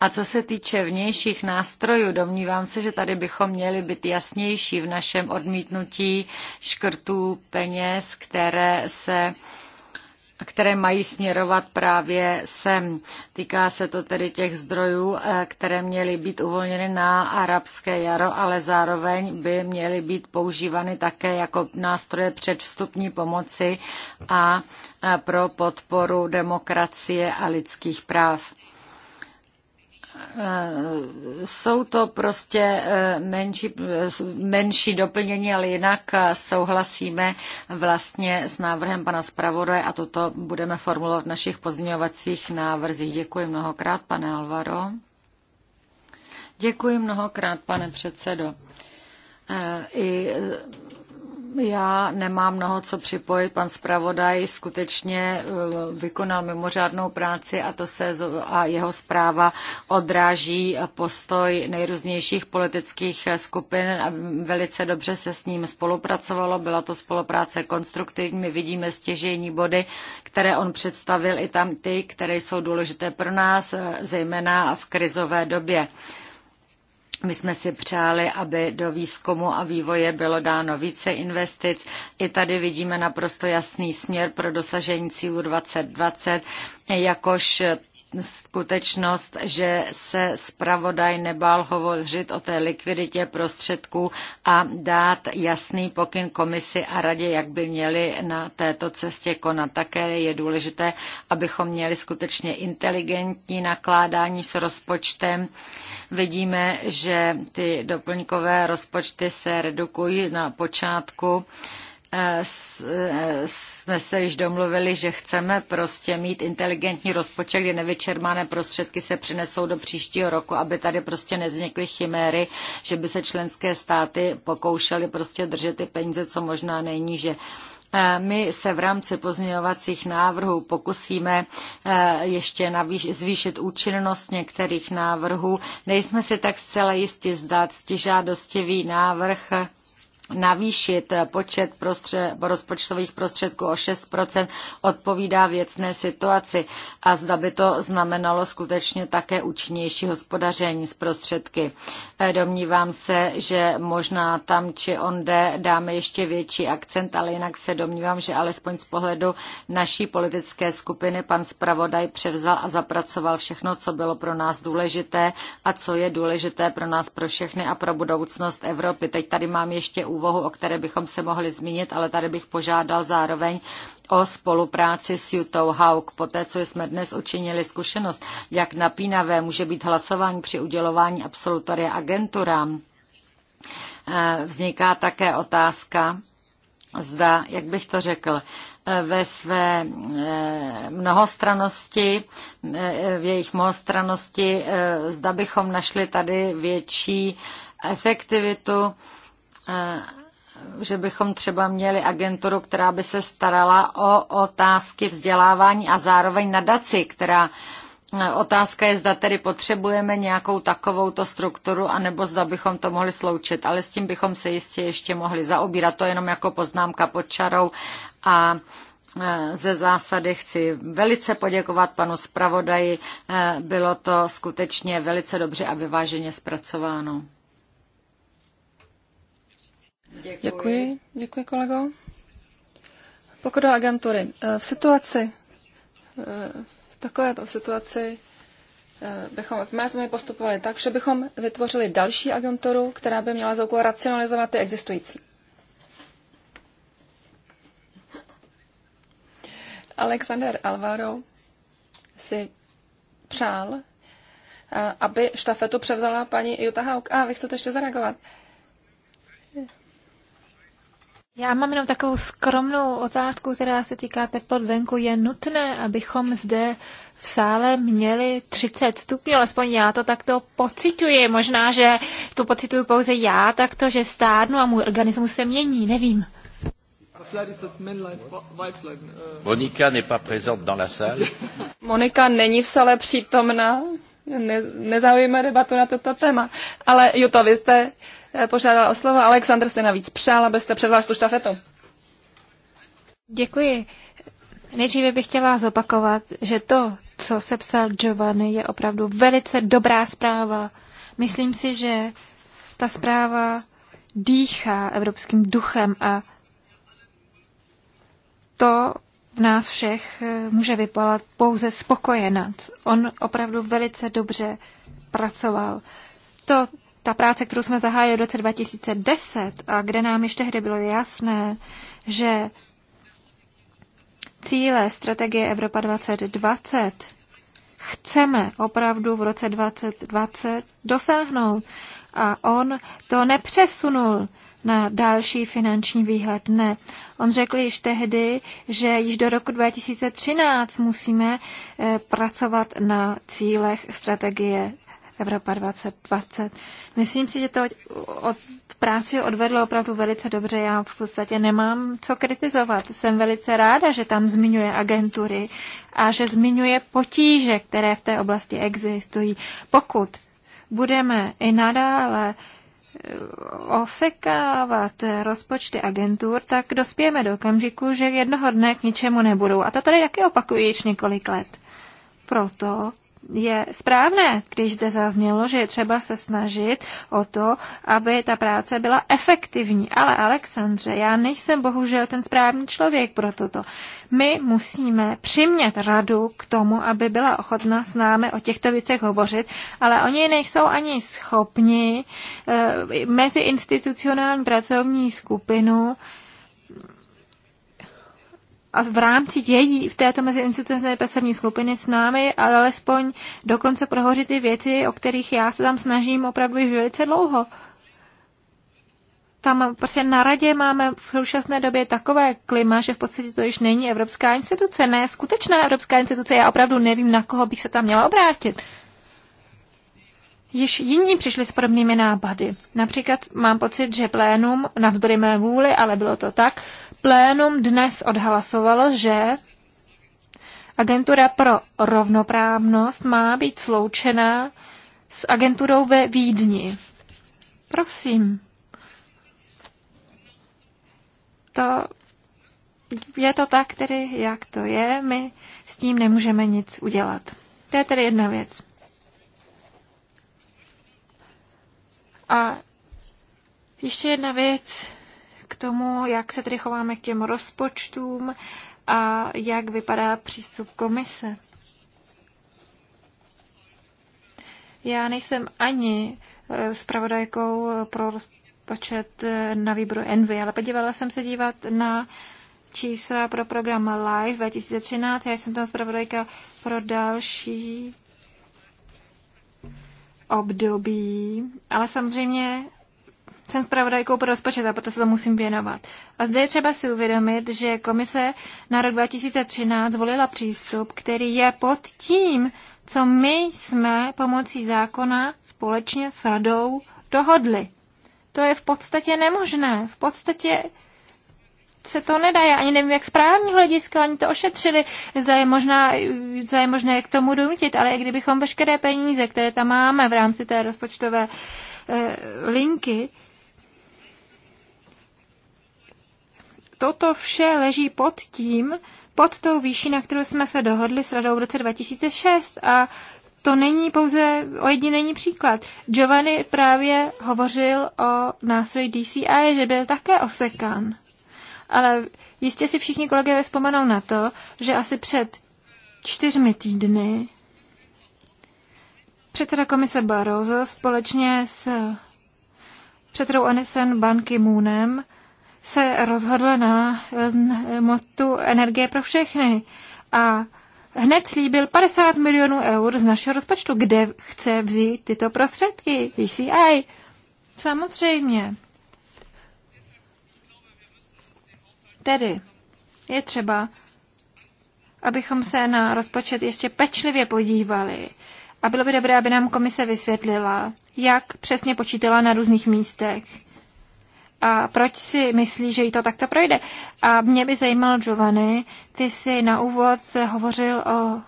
A co se týče vnějších nástrojů, domnívám se, že tady bychom měli být jasnější v našem odmítnutí škrtů peněz, které se které mají směrovat právě sem. Týká se to tedy těch zdrojů, eh, které měly být uvolněny na arabské jaro, ale zároveň by měly být používány také jako nástroje předvstupní pomoci a eh, pro podporu demokracie a lidských práv. Eh, jsou to prostě eh, menší, eh, menší doplnění, ale jinak souhlasíme vlastně s návrhem pana zpravodaje a toto budeme formulovat v našich pozměňovacích návrzích. Děkuji mnohokrát, pane Alvaro. Děkuji mnohokrát, pane předsedo. I já nemám mnoho co připojit. Pan zpravodaj skutečně e, vykonal mimořádnou práci a, to se, a jeho zpráva odráží postoj nejrůznějších politických skupin. velice dobře se s ním spolupracovalo, byla to spolupráce konstruktivní. My vidíme stěžení body, které on představil i tam ty, které jsou důležité pro nás, e, zejména v krizové době. My jsme si přáli, aby do výzkumu a vývoje bylo dáno více investic. I tady vidíme naprosto jasný směr pro dosažení cílu 2020, jakož skutečnost, že se zpravodaj nebál hovořit o té likviditě prostředků a dát jasný pokyn komisi a radě, jak by měli na této cestě konat. Také je důležité, abychom měli skutečně inteligentní nakládání s rozpočtem. Vidíme, že ty doplňkové rozpočty se redukují na počátku Eh, eh, jsme se již domluvili, že chceme prostě mít inteligentní rozpočet, kdy nevyčermané prostředky se přinesou do příštího roku, aby tady prostě nevznikly chiméry, že by se členské státy pokoušely prostě držet ty peníze co možná nejníže. Eh, my se v rámci pozměňovacích návrhů pokusíme ještě navíš, zvýšit účinnost některých návrhů. Nejsme si tak zcela jistí zdát žádostivý návrh navýšit počet prostřed, rozpočtových prostředků o 6% odpovídá věcné situaci a zda by to znamenalo skutečně také účinnější hospodaření s prostředky. E, domnívám se, že možná tam či onde dáme ještě větší akcent, ale jinak se domnívám, že alespoň z pohledu naší politické skupiny pan zpravodaj převzal a zapracoval všechno, co bylo pro nás důležité a co je důležité pro nás pro všechny a pro budoucnost Evropy. Teď tady mám ještě úvod úvahu, o které bychom se mohli zmínit, ale tady bych požádal zároveň o spolupráci s Jutou Hauk. Poté, co jsme dnes učinili zkušenost, jak napínavé může být hlasování při udělování absolutoria agenturám, eh, vzniká také otázka, zda, jak bych to řekl, eh, ve své eh, mnohostranosti, v jejich mnohostranosti, zda bychom našli tady větší efektivitu Eh, že bychom třeba měli agenturu, která by se starala o otázky vzdělávání a zároveň nadaci, která eh, Otázka je, zda tedy potřebujeme nějakou takovouto strukturu, anebo zda bychom to mohli sloučit, ale s tím bychom se jistě ještě mohli zaobírat. To jenom jako poznámka pod čarou a eh, ze zásady chci velice poděkovat panu zpravodaji. Bylo to skutečně velice dobře a vyváženě zpracováno. Děkuji. Děkuji, kolego. Pokud o agentury, eh, v situaci, eh, v takovéto situaci eh, bychom v mé zemi postupovali tak, že bychom vytvořili další agenturu, která by měla za úkol racionalizovat ty existující. Alexander Alvaro si přál, aby štafetu převzala paní Jutta Hauk. A, vy chcete ještě zareagovat? Uh, já mám jenom takovou skromnou otázku, která se týká teplot venku. Je nutné, abychom zde v sále měli 30 stupňů, alespoň já to takto pocituji. Možná, že to pocituju pouze já, takto, že stárnu a můj organismus se mění, nevím. Monika dans la salle. [laughs] Monika není v sále přítomná, ne, nezaujíme debatu na toto téma. Ale Juto, vy jste Eh, požádala o slovo. Aleksandr se navíc přál, abyste převzal tu štafetu. Děkuji. Nejdříve bych chtěla zopakovat, že to, co se psal Giovanni, je opravdu velice dobrá zpráva. Myslím si, že ta zpráva dýchá evropským duchem a to v nás všech eh, může vypalat pouze spokojenac. On opravdu velice dobře pracoval. To, ta práce, kterou jsme zahájili v roce 2010 a kde nám ještě tehdy bylo jasné, že cíle strategie Evropa 2020 chceme opravdu v roce 2020 dosáhnout. A on to nepřesunul na další finanční výhled. Ne. On řekl již tehdy, že již do roku 2013 musíme eh, pracovat na cílech strategie Evropa 2020. Myslím si, že to od práci odvedlo opravdu velice dobře. Já v podstatě nemám co kritizovat. Jsem velice ráda, že tam zmiňuje agentury a že zmiňuje potíže, které v té oblasti existují. Pokud budeme i nadále eh, osekávat rozpočty agentur, tak dospějeme do okamžiku, že jednoho dne k ničemu nebudou. A to tady taky opakují již několik let. Proto je správné, když zde zaznělo, že je třeba se snažit o to, aby ta práce byla efektivní. Ale Alexandře, já nejsem bohužel ten správný člověk pro toto. My musíme přimět radu k tomu, aby byla ochotna s námi o těchto věcech hovořit, ale oni nejsou ani schopni e, mezi institucionální pracovní skupinu e, a v rámci dějí v této meziinstitucionální pracovní skupiny s námi ale alespoň dokonce prohořit ty věci, o kterých já se tam snažím opravdu již velice dlouho. Tam prostě na radě máme v současné době takové klima, že v podstatě to již není evropská instituce, ne skutečná evropská instituce. Já opravdu nevím, na koho bych se tam měla obrátit. Již jiní přišli s podobnými nápady. Například mám pocit, že plénum, navzdory mé vůli, ale bylo to tak, plénum dnes odhlasovalo, že agentura pro rovnoprávnost má být sloučena s agenturou ve Vídni. Prosím. To je to tak, tedy jak to je, my s tím nemůžeme nic udělat. To je tedy jedna věc. A ještě jedna věc k tomu, jak se tedy chováme k těm rozpočtům a jak vypadá přístup komise. Já nejsem ani eh, zpravodajkou pro rozpočet eh, na výboru Envy, ale podívala jsem se dívat na čísla pro program Live 2013. Já jsem tam zpravodajka pro další období, ale samozřejmě jsem zpravodajkou pro rozpočet a proto se to musím věnovat. A zde je třeba si uvědomit, že komise na rok 2013 volila přístup, který je pod tím, co my jsme pomocí zákona společně s radou dohodli. To je v podstatě nemožné. V podstatě se to nedá. Já ani nevím, jak správní hlediska oni to ošetřili, zda je, možná, zda je možné k tomu donutit, ale i kdybychom veškeré peníze, které tam máme v rámci té rozpočtové eh, linky, toto vše leží pod tím, pod tou výší, na kterou jsme se dohodli s radou v roce 2006 a to není pouze jediný příklad. Giovanni právě hovořil o nástroji DCI, že byl také osekán ale jistě si všichni kolegové vzpomenou na to, že asi před čtyřmi týdny předseda komise Barroso společně s předsedou Anisen Ban Ki-moonem se rozhodl na motu energie pro všechny a hned slíbil 50 milionů eur z našeho rozpočtu, kde chce vzít tyto prostředky, ECI. Samozřejmě. Tedy je třeba, abychom se na rozpočet ještě pečlivě podívali. A bylo by dobré, aby nám komise vysvětlila, jak přesně počítala na různých místech. A proč si myslí, že jí to takto projde? A mě by zajímal, Giovanni, ty jsi na úvod hovořil o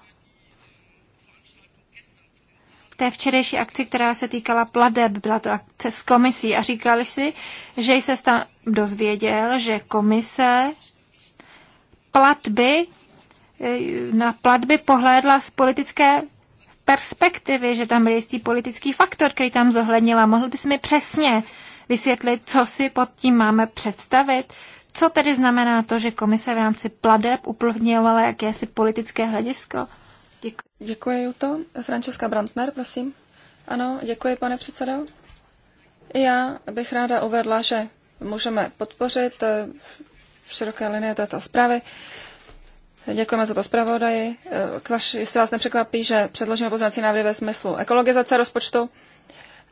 té včerejší akci, která se týkala pladeb, byla to akce s komisí a říkali si, že jsi se tam dozvěděl, že komise platby, eh, na platby pohlédla z politické perspektivy, že tam byl jistý politický faktor, který tam zohlednila. Mohl bys mi přesně vysvětlit, co si pod tím máme představit? Co tedy znamená to, že komise v rámci pladeb uplhňovala jakési politické hledisko? Děkuji. Děkuji, Juto. Francesca Brandner, prosím. Ano, děkuji, pane předsedo. Já bych ráda uvedla, že můžeme podpořit v eh, široké linie této zprávy. Děkujeme za to zpravodaji. Eh, k jestli vás nepřekvapí, že předložíme poznací návrhy ve smyslu ekologizace rozpočtu,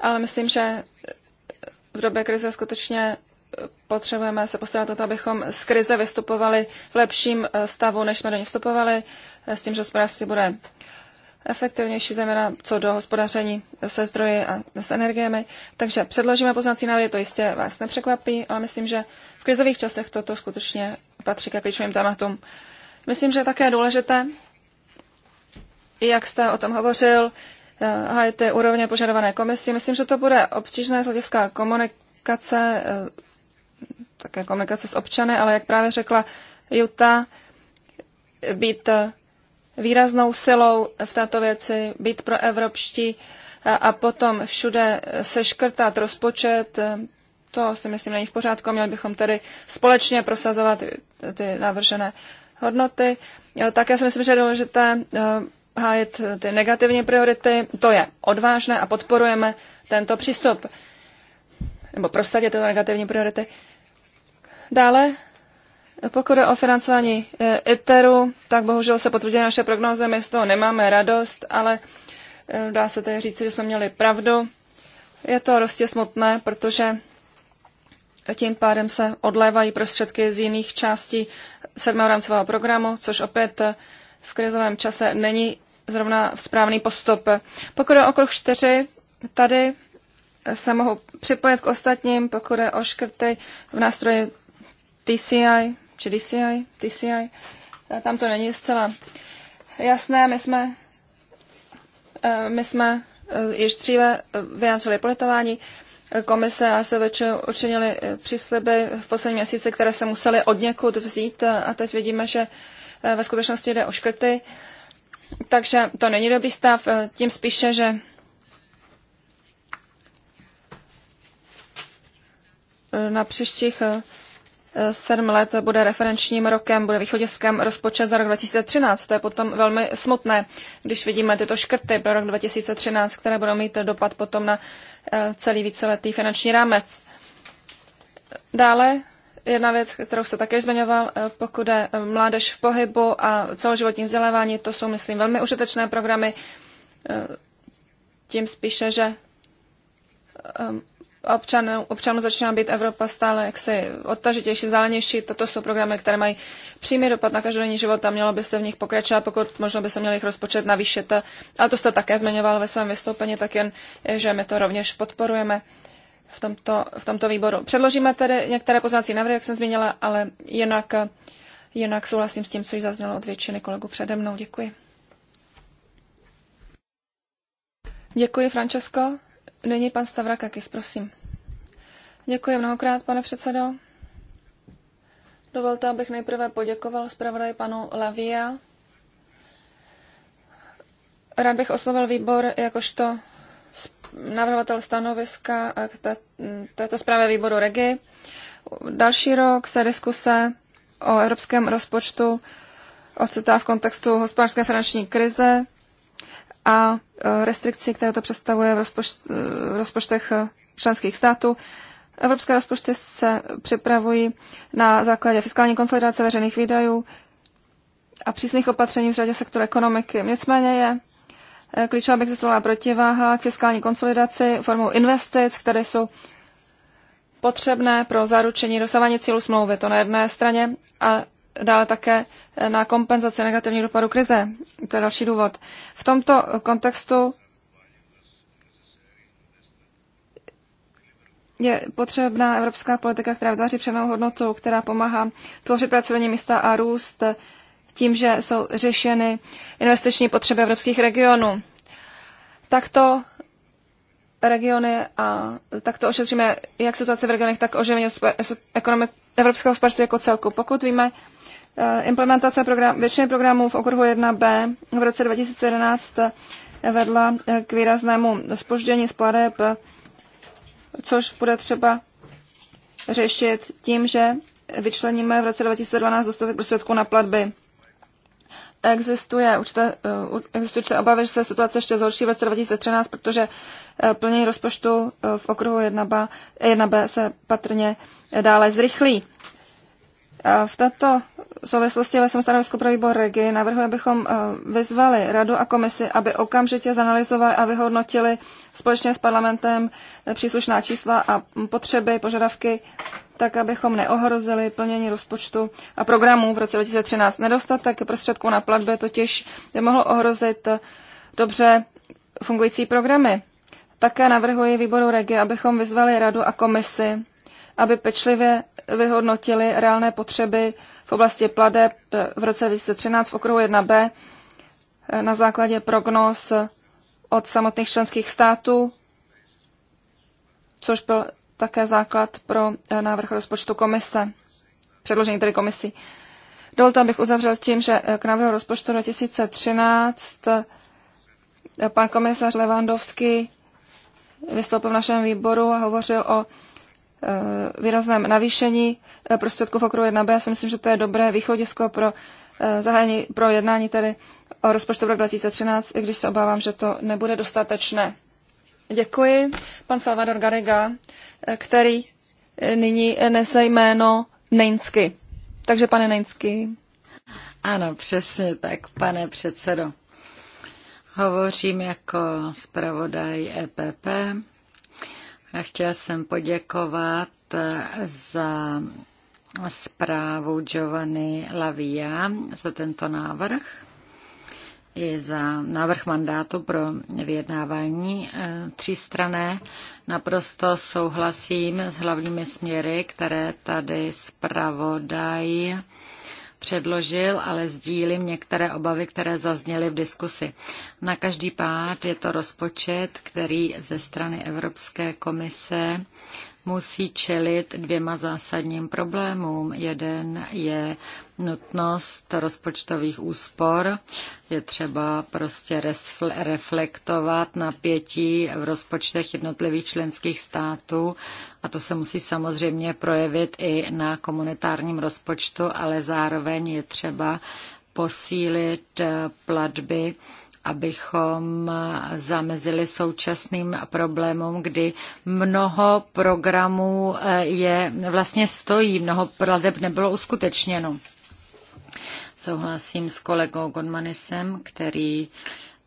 ale myslím, že v době krize skutečně potřebujeme se postarat o to, abychom z krize vystupovali v lepším eh, stavu, než jsme do ní vstupovali, eh, s tím, že hospodářství bude efektivnější, zejména co do hospodaření se zdroji a s energiemi. Takže předložíme poznací návrhy, to jistě vás nepřekvapí, ale myslím, že v krizových časech toto skutečně patří ke klíčovým tématům. Myslím, že je také důležité, jak jste o tom hovořil, hajte eh, úrovně požadované komisí. Myslím, že to bude obtížné z hlediska komunikace také komunikace s občany, ale jak právě řekla Juta, být výraznou silou v této věci, být pro evropští a potom všude seškrtat rozpočet, to si myslím není v pořádku, měli bychom tedy společně prosazovat ty, ty navržené hodnoty. Tak já si myslím, že je důležité eh, hájit ty negativní priority, to je odvážné a podporujeme tento přístup, nebo prosadit tyto negativní priority. Dále, pokud je o financování eh, ITERu, tak bohužel se potvrdily naše prognózy, my z toho nemáme radost, ale eh, dá se tedy říct, že jsme měli pravdu. Je to prostě smutné, protože tím pádem se odlévají prostředky z jiných částí sedmého rámcového programu, což opět eh, v krizovém čase není zrovna správný postup. Pokud je okruh čtyři, tady se mohou připojit k ostatním, pokud je o škrty v nástroji TCI, či DCI, TCI, eh, tam to není zcela jasné. My jsme, eh, my jsme eh, již dříve vyjádřili politování. Komise a SVČ učinili přísliby v poslední měsíci, které se museli od někud vzít a teď vidíme, že ve skutečnosti jde o škrty. Takže to není dobrý stav, tím spíše, že na příštích sedm let bude referenčním rokem, bude východiskem rozpočet za rok 2013. To je potom velmi smutné, když vidíme tyto škrty pro rok 2013, které budou mít dopad potom na eh, celý víceletý finanční rámec. Dále jedna věc, kterou jste také zmiňoval, eh, pokud je eh, mládež v pohybu a celoživotní vzdělávání, to jsou, myslím, velmi užitečné programy, tím spíše, že občanů, občanů začíná být Evropa stále jaksi odtažitější, vzdálenější. Toto jsou programy, které mají přímý dopad na každodenní život a mělo by se v nich pokračovat, pokud možno by se měl jejich rozpočet navýšit. Ale to jste také zmiňoval ve svém vystoupení, tak jen, že my to rovněž podporujeme v tomto, v tomto výboru. Předložíme tedy některé poznací návrhy, jak jsem zmínila, ale jinak, jinak souhlasím s tím, co již zaznělo od většiny kolegů přede mnou. Děkuji. Děkuji, Francesco. Nyní pan Stavrakakis, prosím. Děkuji mnohokrát, pane předsedo. Dovolte, abych nejprve poděkoval zpravodaji panu Lavia. Rád bych oslovil výbor jakožto navrhovatel stanoviska k této zprávě výboru REGI. Další rok se diskuse o evropském rozpočtu ocitá v kontextu hospodářské finanční krize a Eh, restrikcí, které to představuje v, rozpočt, eh, v rozpočtech eh, členských států. Evropské rozpočty se připravují na základě fiskální konsolidace veřejných výdajů a přísných opatření v řadě sektoru ekonomiky. Nicméně je klíčová, aby existovala protiváha k fiskální konsolidaci formou investic, které jsou potřebné pro zaručení dosávání cílů smlouvy, to na jedné straně, a dále také na kompenzaci negativních dopadů krize. To je další důvod. V tomto kontextu je potřebná evropská politika, která vytváří přenou hodnotu, která pomáhá tvořit pracovní místa a růst tím, že jsou řešeny investiční potřeby evropských regionů. Takto regiony a takto ošetříme jak situace v regionech, tak oživení ekonomi- evropského hospodářství jako celku. Pokud víme, Eh, implementace program, většiny programů v okruhu 1b v roce 2011 eh, vedla eh, k výraznému spoždění spladeb, což bude třeba řešit tím, že vyčleníme v roce 2012 dostatek prostředků na platby. Existuje určité, existují určité obavy, že se situace ještě zhorší v roce 2013, protože plnění rozpočtu v okruhu 1b, 1b se patrně dále zrychlí. V této souvislosti ve svém stanovisku pro výbor Regi navrhuji, abychom eh, vyzvali radu a komisi, aby okamžitě zanalizovali a vyhodnotili společně s parlamentem příslušná čísla a potřeby, požadavky, tak abychom neohrozili plnění rozpočtu a programů v roce 2013. Nedostatek prostředků na platby totiž by mohlo ohrozit dobře fungující programy. Také navrhuji výboru Regi, abychom vyzvali radu a komisi, aby pečlivě vyhodnotili reálné potřeby v oblasti pladeb v roce 2013 v okruhu 1b eh, na základě prognóz od samotných členských států, což byl také základ pro eh, návrh rozpočtu komise, předložení tedy komisí. Dovolte, abych uzavřel tím, že eh, k návrhu rozpočtu 2013 pan komisař Levandovský vystoupil v našem výboru a hovořil o Eh, výrazném navýšení eh, prostředků v okruhu 1b. Já si myslím, že to je dobré východisko pro eh, zahájení pro jednání tedy o rozpočtu rok 2013, i když se obávám, že to nebude dostatečné. Děkuji. Pan Salvador Garega, který nyní nese jméno Nejnsky. Takže pane Nejnsky. Ano, přesně tak, pane předsedo. Hovořím jako zpravodaj EPP Chtěl jsem poděkovat eh, za zprávu Giovanni Lavia za tento návrh i za návrh mandátu pro vyjednávání eh, třístrané. Naprosto souhlasím s hlavními směry, které tady zpravodají předložil, ale sdílím některé obavy, které zazněly v diskusi. Na každý pád je to rozpočet, který ze strany Evropské komise musí čelit dvěma zásadním problémům. Jeden je nutnost rozpočtových úspor. Je třeba prostě reflektovat napětí v rozpočtech jednotlivých členských států a to se musí samozřejmě projevit i na komunitárním rozpočtu, ale zároveň je třeba posílit platby abychom zamezili současným problémům, kdy mnoho programů eh, je, vlastně stojí, mnoho pladeb nebylo uskutečněno. Souhlasím s kolegou Gonmanisem, který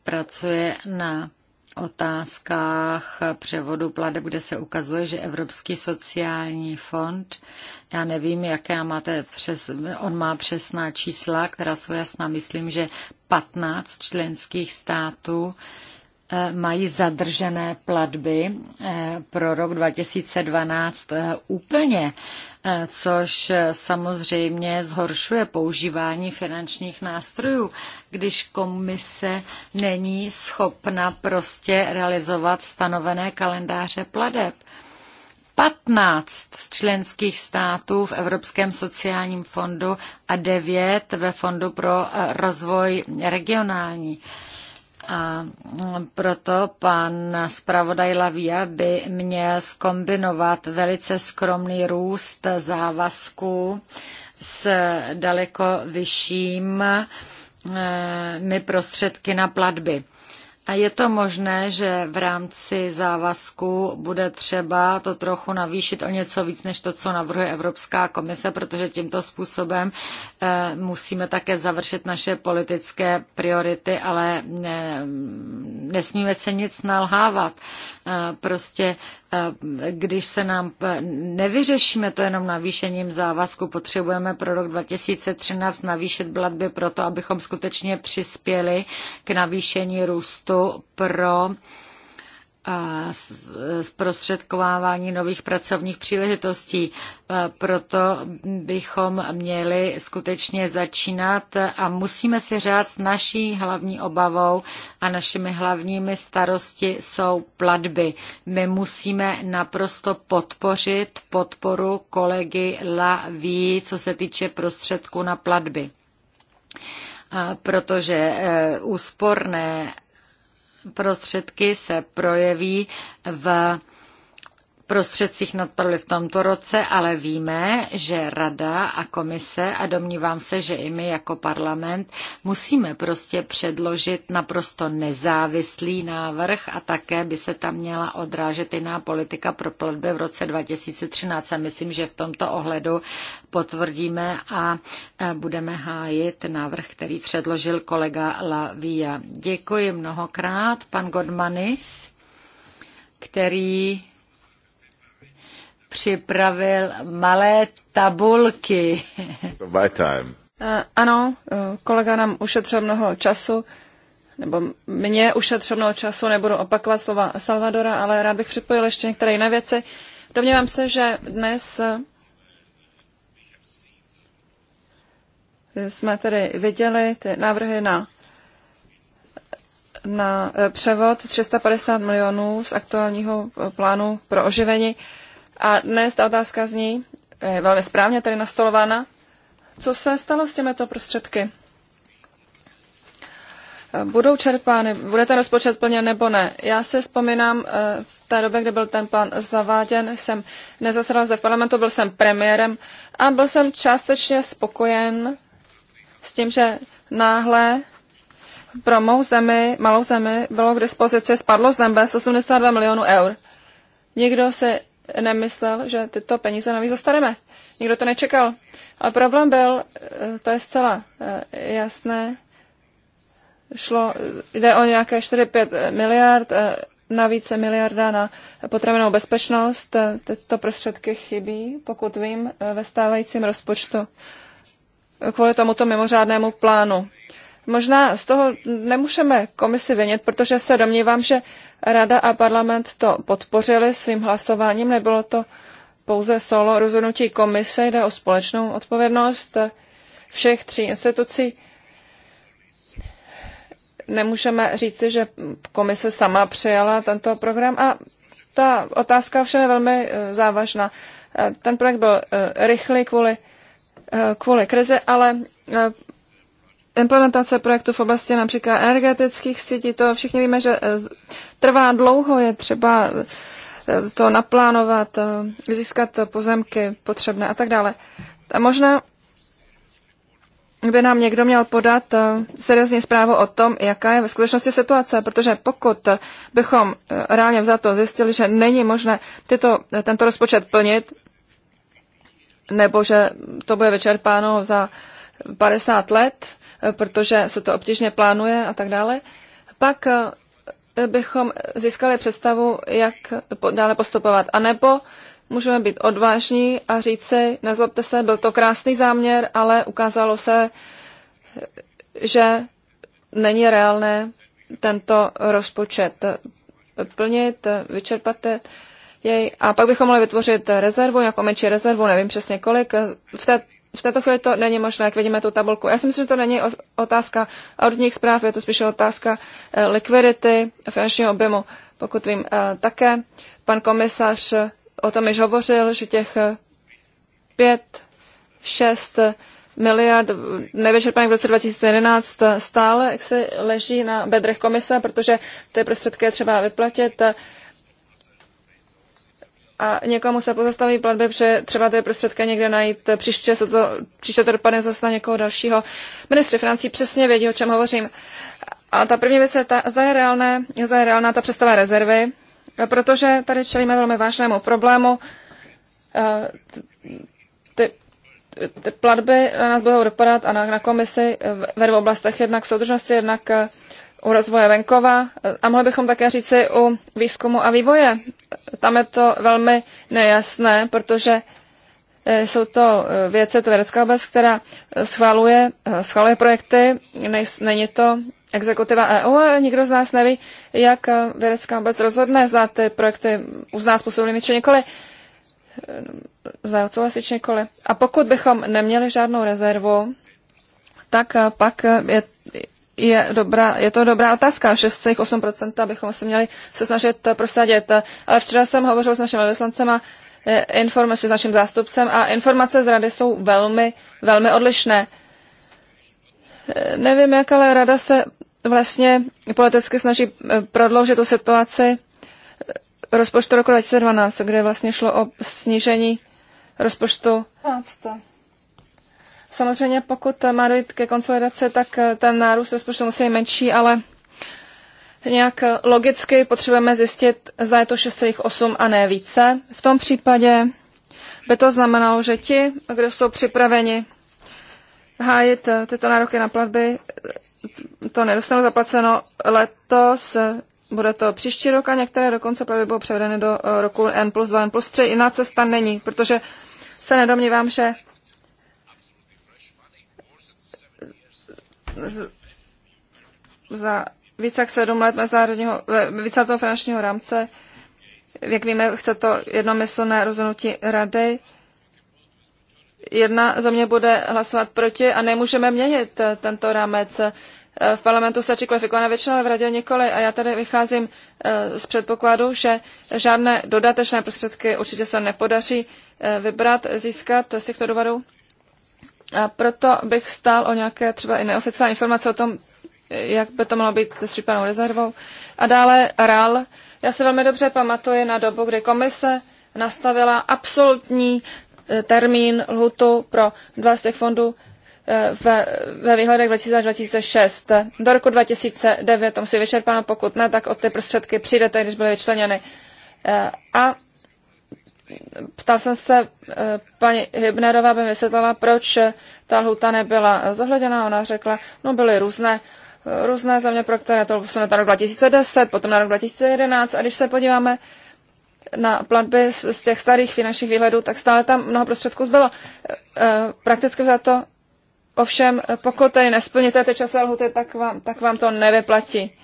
pracuje na otázkách převodu pladeb, kde se ukazuje, že Evropský sociální fond, já nevím, jaké máte přes, on má přesná čísla, která jsou jasná, myslím, že 15 členských států Eh, mají zadržené platby eh, pro rok 2012 eh, úplně, což samozřejmě zhoršuje používání finančních nástrojů, když komise není schopna prostě realizovat stanovené kalendáře plateb. 15 z členských států v Evropském sociálním fondu a 9 ve Fondu pro rozvoj regionální. A proto pan zpravodaj Lavia by měl skombinovat velice skromný růst závazků s daleko vyšším eh, prostředky na platby. A je to možné, že v rámci závazku bude třeba to trochu navýšit o něco víc, než to, co navrhuje Evropská komise, protože tímto způsobem eh, musíme také završit naše politické priority, ale eh, nesmíme se nic nalhávat. Eh, prostě eh, když se nám nevyřešíme to jenom navýšením závazku, potřebujeme pro rok 2013 navýšit platby proto, abychom skutečně přispěli k navýšení růstu pro zprostředkovávání nových pracovních příležitostí. E, proto bychom měli skutečně začínat a musíme si říct, naší hlavní obavou a našimi hlavními starosti jsou platby. My musíme naprosto podpořit podporu kolegy Laví, co se týče prostředku na platby e, protože e, úsporné prostředky se projeví v prostředcích nadpadly v tomto roce, ale víme, že rada a komise a domnívám se, že i my jako parlament musíme prostě předložit naprosto nezávislý návrh a také by se tam měla odrážet jiná politika pro platby v roce 2013 a myslím, že v tomto ohledu potvrdíme a e, budeme hájit návrh, který předložil kolega Lavia. Děkuji mnohokrát, pan Godmanis který připravil malé tabulky. My time. Eh, ano, eh, kolega nám ušetřil mnoho času, nebo mě ušetřil mnoho času, nebudu opakovat slova Salvadora, ale rád bych připojil ještě některé jiné věci. Domnívám se, že dnes eh, jsme tedy viděli ty návrhy na, na převod 350 milionů z aktuálního plánu pro oživení. A dnes ta otázka zní, je velmi správně tady nastolována, co se stalo s těmito prostředky? Budou čerpány, bude ten rozpočet plněn nebo ne? Já si vzpomínám, eh, v té době, kdy byl ten plán zaváděn, jsem nezasedal zde v parlamentu, byl jsem premiérem a byl jsem částečně spokojen s tím, že náhle pro mou zemi, malou zemi, bylo k dispozici, spadlo z nebe 82 milionů eur. Nikdo se nemyslel, že tyto peníze navíc dostaneme. Nikdo to nečekal. A problém byl, eh, to je zcela eh, jasné, šlo, jde o nějaké 4-5 miliard, eh, navíc miliarda na potravenou bezpečnost. Tyto prostředky chybí, pokud vím, ve stávajícím rozpočtu kvůli tomuto mimořádnému plánu. Možná z toho nemůžeme komisi vinit, protože se domnívám, že Rada a parlament to podpořili svým hlasováním, nebylo to pouze solo rozhodnutí komise, jde o společnou odpovědnost všech tří institucí. Nemůžeme říci, že komise sama přijala tento program a ta otázka všem je velmi eh, závažná. Eh, ten projekt byl eh, rychlý kvůli, kvůli krizi, ale implementace projektu v oblasti například energetických sítí, to všichni víme, že eh, trvá dlouho, je třeba eh, to naplánovat, eh, získat pozemky potřebné a tak dále. A možná by nám někdo měl podat seriózní zprávu o tom, jaká je ve skutečnosti situace, protože pokud bychom reálně to zjistili, že není možné tyto, tento rozpočet plnit, nebo že to bude vyčerpáno za 50 let, protože se to obtížně plánuje a tak dále, pak eh, bychom získali představu, jak dále postupovat. A nebo můžeme být odvážní a říct si, nezlobte se, byl to krásný záměr, ale ukázalo se, že není reálné tento rozpočet plnit, vyčerpat jej. A pak bychom mohli vytvořit rezervu, nějakou menší rezervu, nevím přesně kolik. V té, v této chvíli to není možné, jak vidíme tu tabulku. Já si myslím, že to není otázka auditních zpráv, je to spíše otázka eh, likvidity finančního objemu. Pokud vím eh, také, pan komisař eh, o tom již hovořil, že těch pět, šest miliard nevyčerpaných v roce 2011 stále jak se leží na bedrech komise, protože ty prostředky je třeba vyplatit a někomu se pozastaví platby, protože třeba ty prostředky někde najít, příště, se to, příště to dopadne zase na někoho dalšího. Ministři financí přesně vědí, o čem hovořím. A ta první věc je, ta, zda, je reálné, zda je reálná ta představa rezervy, protože tady čelíme velmi vážnému problému. Eh, ty, ty platby na nás budou dopadat a na, na komisi ve dvou oblastech, jednak v soudržnosti, jednak eh, u rozvoje venkova a mohli bychom také říci u výzkumu a vývoje. Tam je to velmi nejasné, protože eh, jsou to eh, věci, to vědecká obec, která schvaluje, eh, schvaluje projekty, není to exekutiva EU a nikdo z nás neví, jak vědecká obec rozhodne, zda ty projekty uzná způsobnými či nikoli, zda odsouhlasí či nikoli. A pokud bychom neměli žádnou rezervu, tak pak je, je, dobrá, je to dobrá otázka. 6,8% bychom se měli se snažit eh, prosadit. Ale včera jsem hovořil s naším vyslancem a eh, informace s naším zástupcem a informace z rady jsou velmi, velmi odlišné. Eh, nevím, jak ale rada se vlastně politicky snaží prodloužit tu situaci rozpočtu roku 2012, kde vlastně šlo o snížení rozpočtu 15. Samozřejmě pokud má dojít ke konsolidaci, tak eh, ten nárůst rozpočtu musí být menší, ale nějak eh, logicky potřebujeme zjistit, zda je to 6,8 a ne více. V tom případě by to znamenalo, že ti, kdo jsou připraveni hájit eh, tyto nároky na platby, to nedostanou zaplaceno letos, bude to příští rok a některé dokonce platby budou převedeny do roku N plus 2, N plus 3. Jiná cesta není, protože se nedomnívám, že za více jak sedm let mezinárodního, více toho finančního rámce. Jak víme, chce to jednomyslné rozhodnutí rady. Jedna země bude hlasovat proti a nemůžeme měnit tento rámec. V parlamentu stačí kvalifikovaná většina, ale v radě nikoli. A já tady vycházím eh, z předpokladu, že žádné dodatečné prostředky určitě se nepodaří eh, vybrat, získat z těchto důvodů. A proto bych stál o nějaké třeba i neoficiální informace o tom, jak by to mělo být s případnou rezervou. A dále RAL. Já se velmi dobře pamatuji na dobu, kdy komise nastavila absolutní eh, termín lhutu pro dva z těch fondů eh, ve, ve výhledech 2006. Do roku 2009 to musí vyčerpáno, pokud ne, tak o ty prostředky přijdete, když byly vyčleněny. Eh, a ptal jsem se eh, paní Hybnerová, aby vysvětlila, proč eh, ta lhuta nebyla zohleděna. Ona řekla, no byly různé eh, různé země, pro které to posune na rok 2010, potom na rok 2011. A když se podíváme na platby z, z těch starých finančních výhledů, tak stále tam mnoho prostředků zbylo. Prakticky za to Ovšem, pokud tady nesplníte ty časové lhuty, tak vám, tak vám to nevyplatí.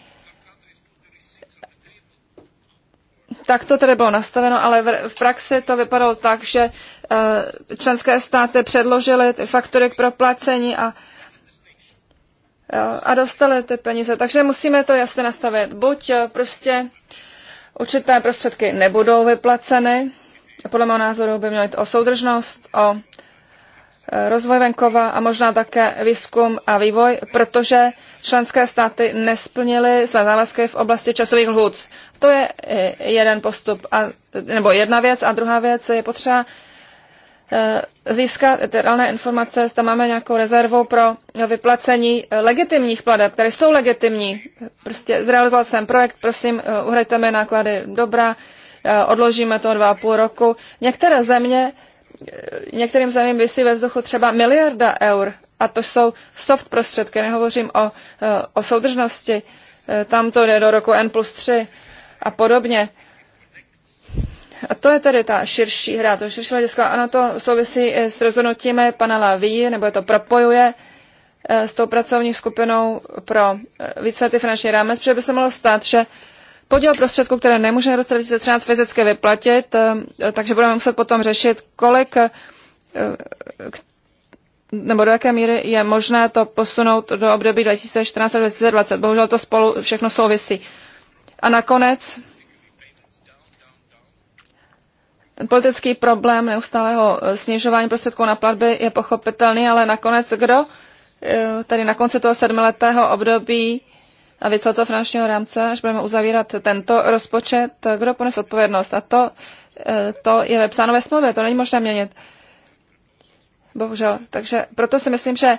Tak to tedy bylo nastaveno, ale v praxi to vypadalo tak, že eh, členské státy předložily ty faktury k proplacení a, eh, a dostali ty peníze. Takže musíme to jasně nastavit. Buď eh, prostě určité prostředky nebudou vyplaceny, podle mého názoru by mělo jít o soudržnost, o rozvoj venkova a možná také výzkum a vývoj, protože členské státy nesplnily své závazky v oblasti časových lhůt. To je eh, jeden postup, a, nebo jedna věc. A druhá věc je potřeba eh, získat ty reálné informace, zda máme nějakou rezervu pro vyplacení eh, legitimních pladeb, které jsou legitimní. Prostě zrealizoval jsem projekt, prosím, uhrajte mi náklady dobra, odložíme to dva a půl roku. Některé země, některým zemím vysí ve vzduchu třeba miliarda eur a to jsou soft prostředky, nehovořím o, o soudržnosti, tam to jde do roku N plus 3 a podobně. A to je tedy ta širší hra, to širší hledisko. Ano, to souvisí eh, s rozhodnutím pana Laví, nebo je to propojuje eh, s tou pracovní skupinou pro eh, víceletý finanční rámec, protože by se mohlo stát, že podíl prostředků, které nemůžeme roce 2013 fyzicky vyplatit, takže budeme muset potom řešit, kolik nebo do jaké míry je možné to posunout do období 2014 až 2020. Bohužel to spolu všechno souvisí. A nakonec ten politický problém neustálého eh, snižování prostředků na platby je pochopitelný, ale nakonec kdo eh, tady na konci toho sedmiletého období a toho finančního rámce, až budeme uzavírat tento rozpočet, eh, kdo pones odpovědnost. A to, to je vepsáno ve smlouvě, to není možné měnit. Bohužel. Takže proto si myslím, že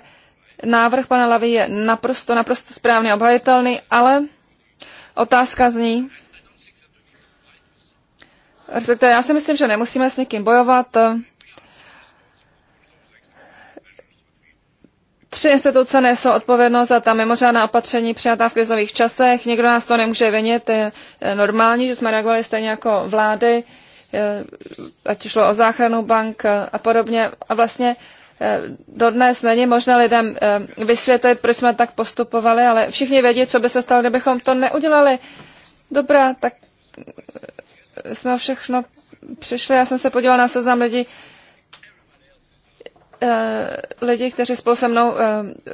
návrh pana Lavy je naprosto, naprosto správný, obhajitelný, ale Otázka zní, respektive já si myslím, že nemusíme s někým bojovat. Tři instituce nesou odpovědnost za ta mimořádná opatření přijatá v krizových časech. Nikdo nás to nemůže vinit. Je normální, že jsme reagovali stejně jako vlády, ať šlo o záchranu bank a podobně. A vlastně Eh, dodnes není možné lidem eh, vysvětlit, proč jsme tak postupovali, ale všichni vědí, co by se stalo, kdybychom to neudělali. Dobrá, tak eh, jsme všechno přišli. Já jsem se podívala na seznam lidí, lidi, kteří spolu se mnou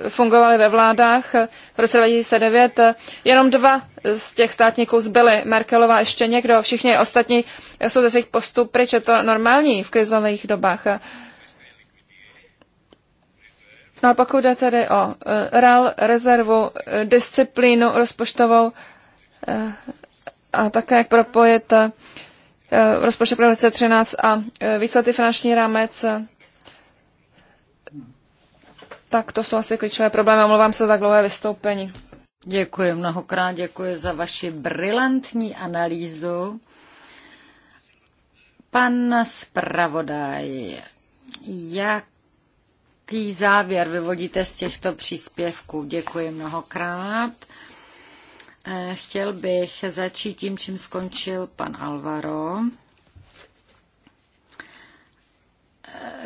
fungovali ve vládách v roce 2009. Jenom dva z těch státníků zbyly, Merkelová ještě někdo, všichni ostatní jsou ze svých postů pryč, je to normální v krizových dobách. No a pokud jde tedy o eh, RAL, rezervu, eh, disciplínu rozpočtovou eh, a také jak propojit rozpočet pro 2013 a výsledky finanční rámec, tak to jsou asi klíčové problémy. Omlouvám se za dlouhé vystoupení. Děkuji mnohokrát, děkuji za vaši brilantní analýzu. Pan zpravodaj, jak jaký závěr vyvodíte z těchto příspěvků? Děkuji mnohokrát. Eh, chtěl bych začít tím, čím skončil pan Alvaro. Eh,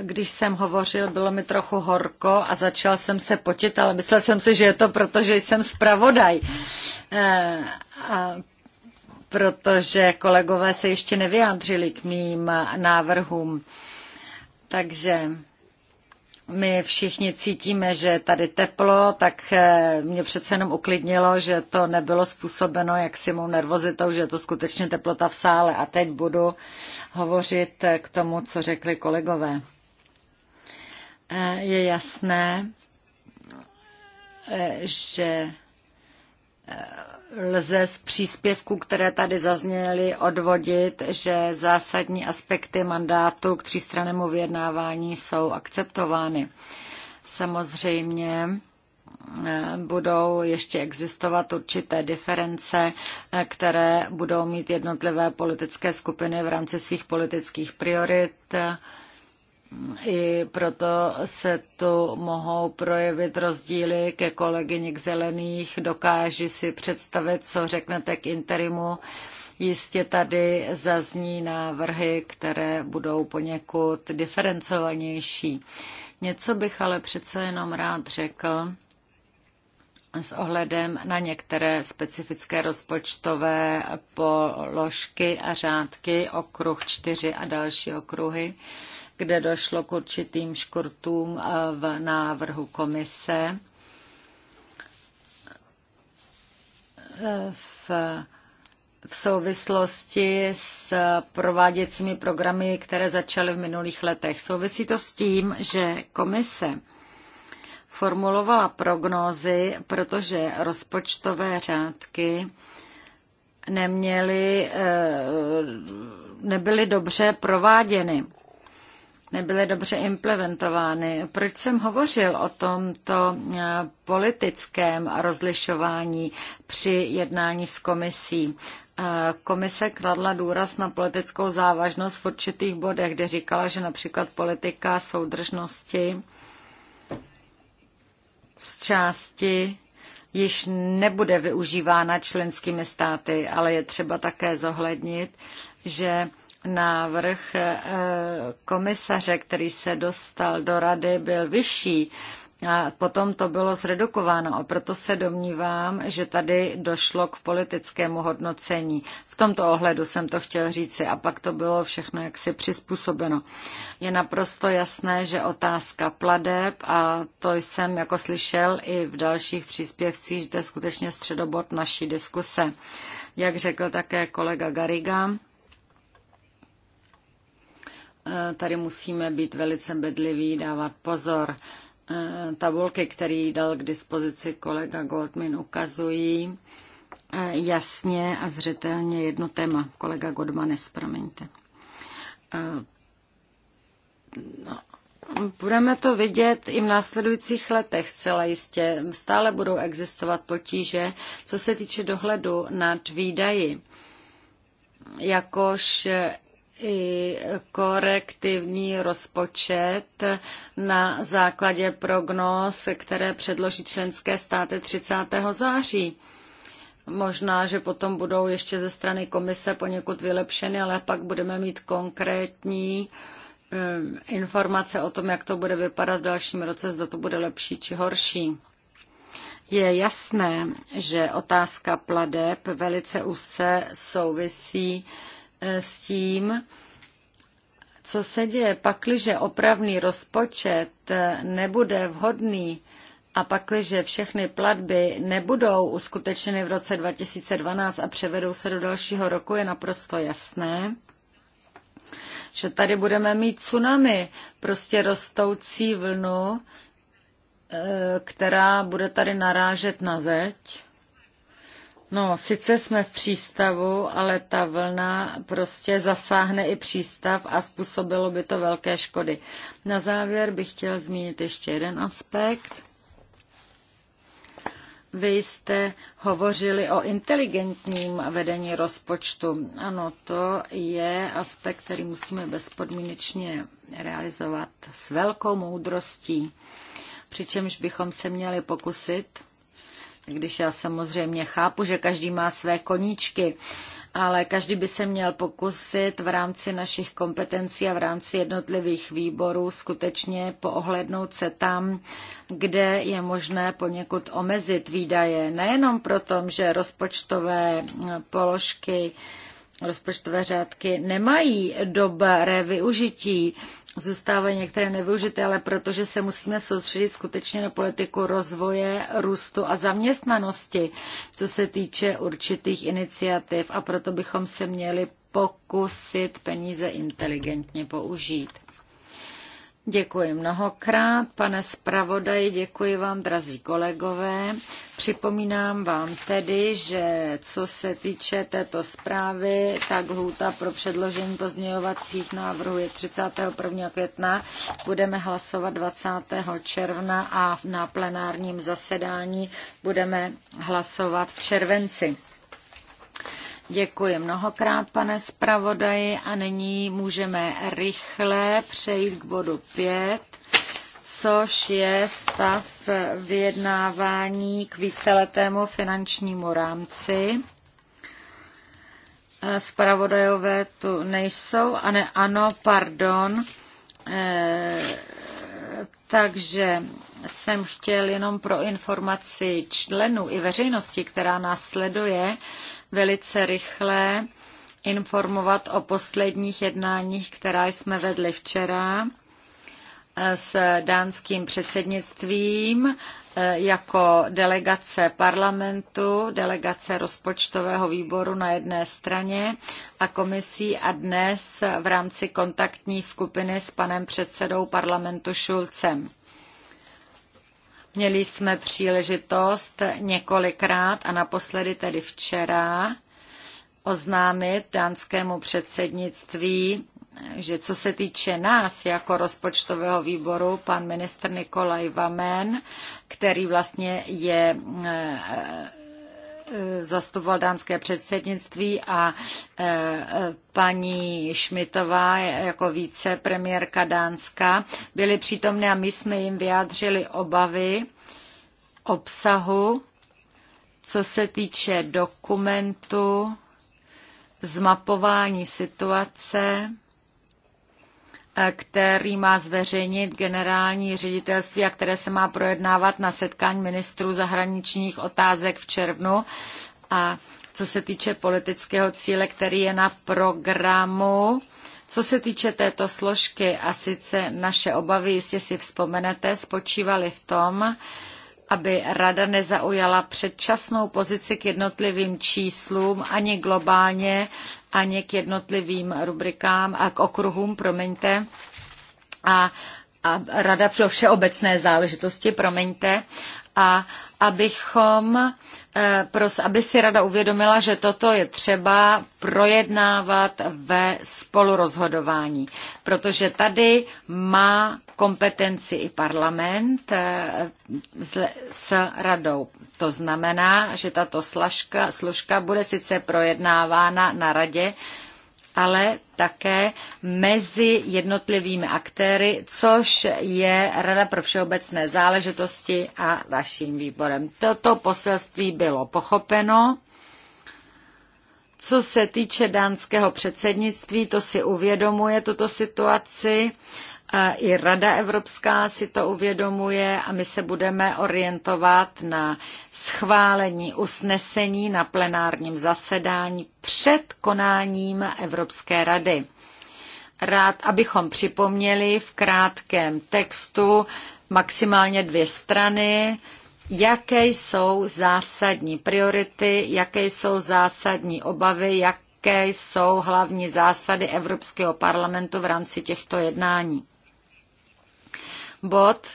když jsem hovořil, bylo mi trochu horko a začal jsem se potit, ale myslel jsem si, že je to proto, že jsem zpravodaj. Eh, a protože kolegové se ještě nevyjádřili k mým návrhům. Takže my všichni cítíme, že tady teplo, tak eh, mě přece jenom uklidnilo, že to nebylo způsobeno jaksi mou nervozitou, že je to skutečně teplota v sále. A teď budu hovořit eh, k tomu, co řekli kolegové. Eh, je jasné, že lze z příspěvků, které tady zazněly, odvodit, že zásadní aspekty mandátu k třístrannému vyjednávání jsou akceptovány. Samozřejmě eh, budou ještě existovat určité diference, eh, které budou mít jednotlivé politické skupiny v rámci svých politických priorit i proto se tu mohou projevit rozdíly ke kolegyni k zelených. Dokáži si představit, co řeknete k interimu. Jistě tady zazní návrhy, které budou poněkud diferencovanější. Něco bych ale přece jenom rád řekl s ohledem na některé specifické rozpočtové položky a řádky, okruh 4 a další okruhy kde došlo k určitým škrtům eh, v návrhu komise. Eh, v v souvislosti s prováděcími programy, které začaly v minulých letech. Souvisí to s tím, že komise formulovala prognózy, protože rozpočtové řádky neměly, eh, nebyly dobře prováděny nebyly dobře implementovány. Proč jsem hovořil o tomto eh, politickém rozlišování při jednání s komisí? Eh, komise kladla důraz na politickou závažnost v určitých bodech, kde říkala, že například politika soudržnosti z části již nebude využívána členskými státy, ale je třeba také zohlednit, že návrh eh, komisaře, který se dostal do rady, byl vyšší. A potom to bylo zredukováno a proto se domnívám, že tady došlo k politickému hodnocení. V tomto ohledu jsem to chtěl říci a pak to bylo všechno jaksi přizpůsobeno. Je naprosto jasné, že otázka pladeb a to jsem jako slyšel i v dalších příspěvcích, že to je skutečně středobod naší diskuse. Jak řekl také kolega Gariga, Eh, tady musíme být velice bedliví, dávat pozor. Eh, tabulky, které dal k dispozici kolega Goldman, ukazují eh, jasně a zřetelně jedno téma. Kolega Goldman, promiňte. No. Budeme to vidět i v následujících letech zcela jistě. Stále budou existovat potíže, co se týče dohledu nad výdaji, jakož i korektivní rozpočet na základě prognóz, které předloží členské státy 30. září. Možná, že potom budou ještě ze strany komise poněkud vylepšeny, ale pak budeme mít konkrétní informace o tom, jak to bude vypadat v dalším roce, zda to bude lepší či horší. Je jasné, že otázka pladeb velice úzce souvisí s tím, co se děje, pakliže opravný rozpočet nebude vhodný a pakliže všechny platby nebudou uskutečeny v roce 2012 a převedou se do dalšího roku, je naprosto jasné, že tady budeme mít tsunami, prostě rostoucí vlnu, e, která bude tady narážet na zeď No, sice jsme v přístavu, ale ta vlna prostě zasáhne i přístav a způsobilo by to velké škody. Na závěr bych chtěl zmínit ještě jeden aspekt. Vy jste hovořili o inteligentním vedení rozpočtu. Ano, to je aspekt, který musíme bezpodmínečně realizovat s velkou moudrostí, přičemž bychom se měli pokusit když já samozřejmě chápu, že každý má své koníčky, ale každý by se měl pokusit v rámci našich kompetencí a v rámci jednotlivých výborů skutečně poohlednout se tam, kde je možné poněkud omezit výdaje. Nejenom proto, že rozpočtové položky rozpočtové řádky nemají dobré využití, zůstávají některé nevyužité, ale protože se musíme soustředit skutečně na politiku rozvoje, růstu a zaměstnanosti, co se týče určitých iniciativ a proto bychom se měli pokusit peníze inteligentně použít. Děkuji mnohokrát, pane zpravodaji, děkuji vám, drazí kolegové. Připomínám vám tedy, že co se týče této zprávy, tak lhůta pro předložení pozměňovacích návrhů je 31. května. Budeme hlasovat 20. června a na plenárním zasedání budeme hlasovat v červenci. Děkuji mnohokrát, pane zpravodaji, a nyní můžeme rychle přejít k bodu 5, což je stav vyjednávání k víceletému finančnímu rámci. Eh, zpravodajové tu nejsou, a ne, ano, pardon. E, takže jsem chtěl jenom pro informaci členů i veřejnosti, která nás sleduje, velice rychle informovat o posledních jednáních, která jsme vedli včera eh, s dánským předsednictvím eh, jako delegace parlamentu, delegace rozpočtového výboru na jedné straně a komisí a dnes v rámci kontaktní skupiny s panem předsedou parlamentu Šulcem. Měli jsme příležitost několikrát a naposledy tedy včera oznámit dánskému předsednictví, že co se týče nás jako rozpočtového výboru, pan ministr Nikolaj Vamen, který vlastně je eh, Eh, zastupoval dánské předsednictví a eh, paní Šmitová jako vicepremiérka Dánska byly přítomné a my jsme jim vyjádřili obavy obsahu, co se týče dokumentu, zmapování situace Eh, který má zveřejnit generální ředitelství a které se má projednávat na setkání ministrů zahraničních otázek v červnu. A co se týče politického cíle, který je na programu, co se týče této složky, a sice naše obavy, jistě si vzpomenete, spočívaly v tom, aby rada nezaujala předčasnou pozici k jednotlivým číslům ani globálně ani k jednotlivým rubrikám a k okruhům, promiňte. A, a Rada pro všeobecné záležitosti, promiňte. A abychom, eh, pros, aby si rada uvědomila, že toto je třeba projednávat ve spolurozhodování, protože tady má kompetenci i parlament eh, s radou. To znamená, že tato složka, složka bude sice projednávána na radě, ale také mezi jednotlivými aktéry, což je Rada pro všeobecné záležitosti a naším výborem. Toto poselství bylo pochopeno. Co se týče dánského předsednictví, to si uvědomuje tuto situaci i Rada Evropská si to uvědomuje a my se budeme orientovat na schválení usnesení na plenárním zasedání před konáním Evropské rady. Rád, abychom připomněli v krátkém textu maximálně dvě strany, jaké jsou zásadní priority, jaké jsou zásadní obavy, jaké jsou hlavní zásady Evropského parlamentu v rámci těchto jednání bod,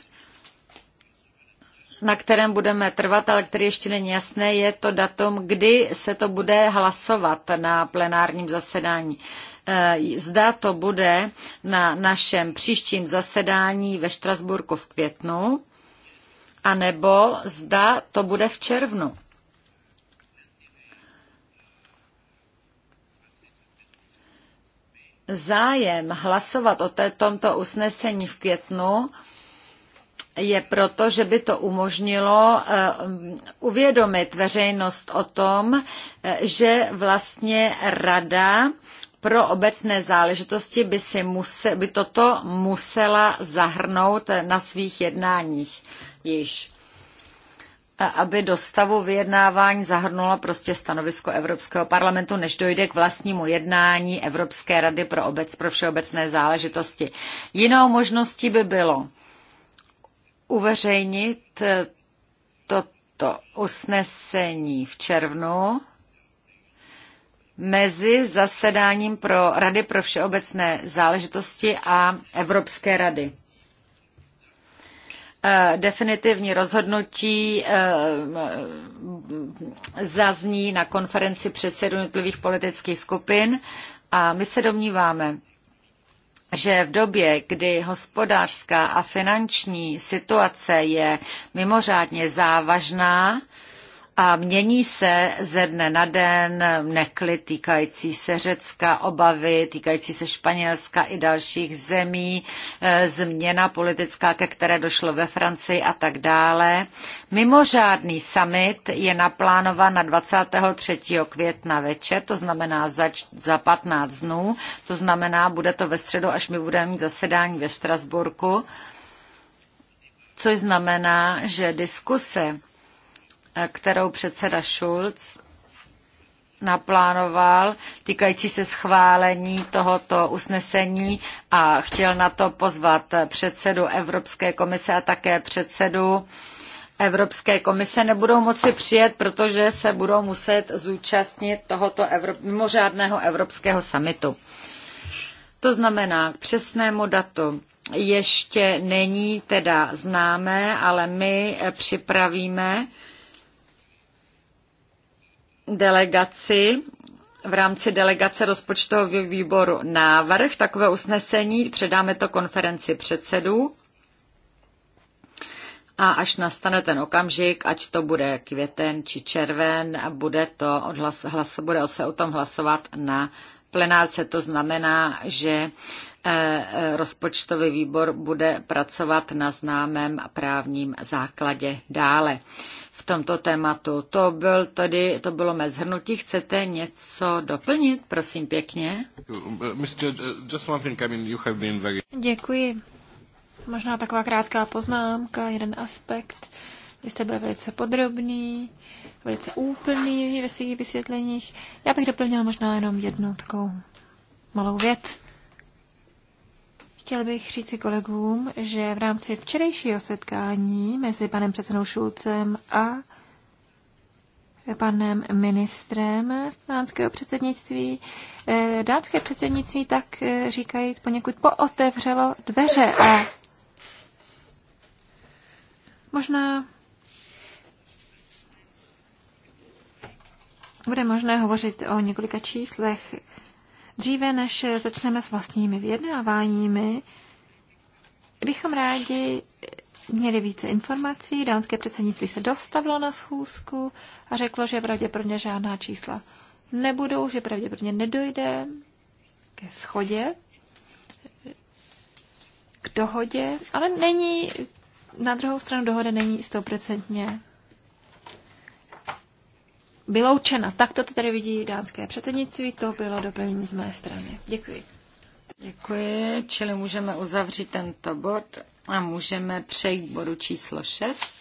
na kterém budeme trvat, ale který ještě není jasné, je to datum, kdy se to bude hlasovat na plenárním zasedání. E, zda to bude na našem příštím zasedání ve Štrasburku v květnu, anebo zda to bude v červnu. Zájem hlasovat o tomto usnesení v květnu je proto, že by to umožnilo eh, uvědomit veřejnost o tom, eh, že vlastně rada pro obecné záležitosti by, si muse, by toto musela zahrnout na svých jednáních již aby do stavu vyjednávání zahrnula prostě stanovisko Evropského parlamentu, než dojde k vlastnímu jednání Evropské rady pro, obec, pro všeobecné záležitosti. Jinou možností by bylo uveřejnit eh, toto usnesení v červnu mezi zasedáním pro Rady pro všeobecné záležitosti a Evropské rady. Eh, definitivní rozhodnutí eh, zazní na konferenci předsedů jednotlivých politických skupin a my se domníváme, že v době, kdy hospodářská a finanční situace je mimořádně závažná, a mění se ze dne na den neklid týkající se Řecka, obavy týkající se Španělska i dalších zemí, e, změna politická, ke které došlo ve Francii a tak dále. Mimořádný summit je naplánován na 23. května večer, to znamená za, za 15 dnů, to znamená, bude to ve středu, až my budeme mít zasedání ve Strasburku, což znamená, že diskuse kterou předseda Schulz naplánoval týkající se schválení tohoto usnesení a chtěl na to pozvat předsedu Evropské komise a také předsedu Evropské komise nebudou moci přijet, protože se budou muset zúčastnit tohoto Evro- mimořádného evropského samitu. To znamená, k přesnému datu ještě není teda známé, ale my připravíme delegaci v rámci delegace rozpočtového výboru návrh takové usnesení, předáme to konferenci předsedů a až nastane ten okamžik, ať to bude květen či červen, bude, to odhlas, hlas, bude se o tom hlasovat na plenárce. To znamená, že E, e, rozpočtový výbor bude pracovat na známém právním základě dále v tomto tématu. To, byl tady, to bylo mé zhrnutí. Chcete něco doplnit, prosím pěkně? Uh, Děkuji. Možná taková krátká poznámka, jeden aspekt. Vy jste byl velice podrobný, velice úplný ve svých vysvětleních. Já bych doplnil možná jenom takovou malou věc. Chtěl bych říci kolegům, že v rámci včerejšího setkání mezi panem předsedou Šulcem a panem ministrem dánského předsednictví. Eh, dánské předsednictví tak eh, říkají poněkud pootevřelo dveře a možná bude možné hovořit o několika číslech Dříve, než začneme s vlastními vyjednáváními, bychom rádi měli více informací. Dánské předsednictví se dostavilo na schůzku a řeklo, že pravděpodobně žádná čísla nebudou, že pravděpodobně nedojde ke schodě, k dohodě, ale není, na druhou stranu dohoda není stoprocentně vyloučena. Tak to tady vidí dánské předsednictví, to bylo doplnění z mé strany. Děkuji. Děkuji, čili můžeme uzavřít tento bod a můžeme přejít k bodu číslo 6.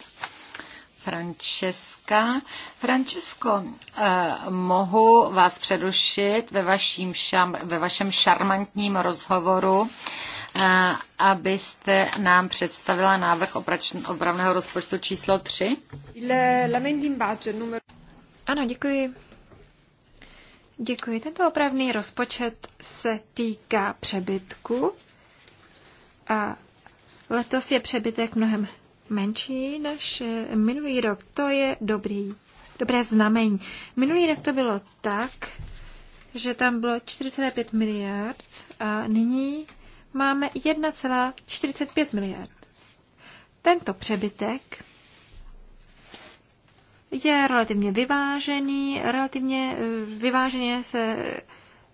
Francesca. Francesco, eh, mohu vás předušit ve, vaším šam, ve vašem šarmantním rozhovoru, eh, abyste nám představila návrh opravného rozpočtu číslo 3? Ano, děkuji. Děkuji. Tento opravný rozpočet se týká přebytku a letos je přebytek mnohem menší než minulý rok. To je dobrý, dobré znamení. Minulý rok to bylo tak, že tam bylo 4,5 miliard a nyní máme 1,45 miliard. Tento přebytek je relativně vyvážený, relativně eh, vyváženě se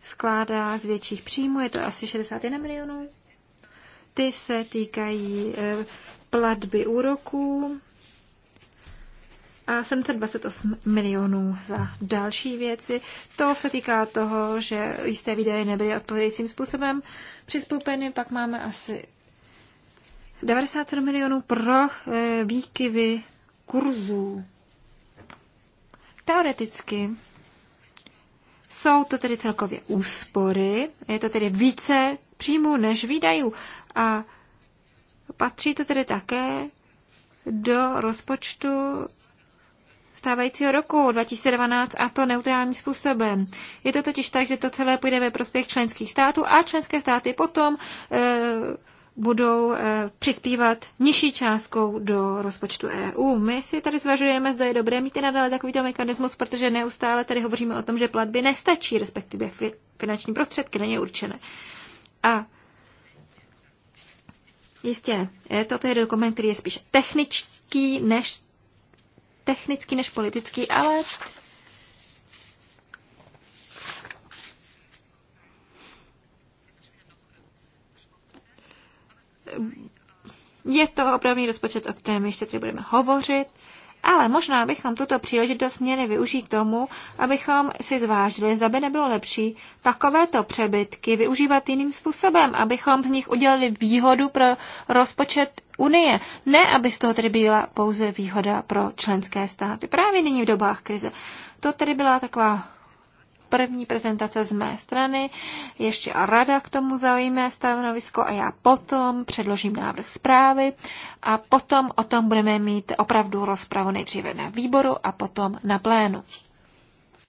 skládá z větších příjmů, je to asi 61 milionů. Ty se týkají eh, platby úroků a 728 milionů za další věci. To se týká toho, že jisté výdaje nebyly odpovědějícím způsobem přistoupeny, pak máme asi 97 milionů pro eh, výkyvy kurzů. Teoreticky jsou to tedy celkově úspory, je to tedy více příjmů než výdajů a patří to tedy také do rozpočtu stávajícího roku 2012 a to neutrálním způsobem. Je to totiž tak, že to celé půjde ve prospěch členských států a členské státy potom e, budou eh, přispívat nižší částkou do rozpočtu EU. My si tady zvažujeme, zda je dobré mít i nadále takovýto mechanismus, protože neustále tady hovoříme o tom, že platby nestačí, respektive finanční prostředky na ně určené. A jistě, eh, toto je dokument, který je spíš technický než technický než politický, ale je to opravdu rozpočet, o kterém ještě tady budeme hovořit, ale možná bychom tuto příležitost měli využít tomu, abychom si zvážili, zda by nebylo lepší takovéto přebytky využívat jiným způsobem, abychom z nich udělali výhodu pro rozpočet Unie. Ne, aby z toho tedy byla pouze výhoda pro členské státy. Právě nyní v dobách krize. To tedy byla taková první prezentace z mé strany, ještě a rada k tomu zaujme stanovisko a já potom předložím návrh zprávy a potom o tom budeme mít opravdu rozpravu nejdříve na výboru a potom na plénu.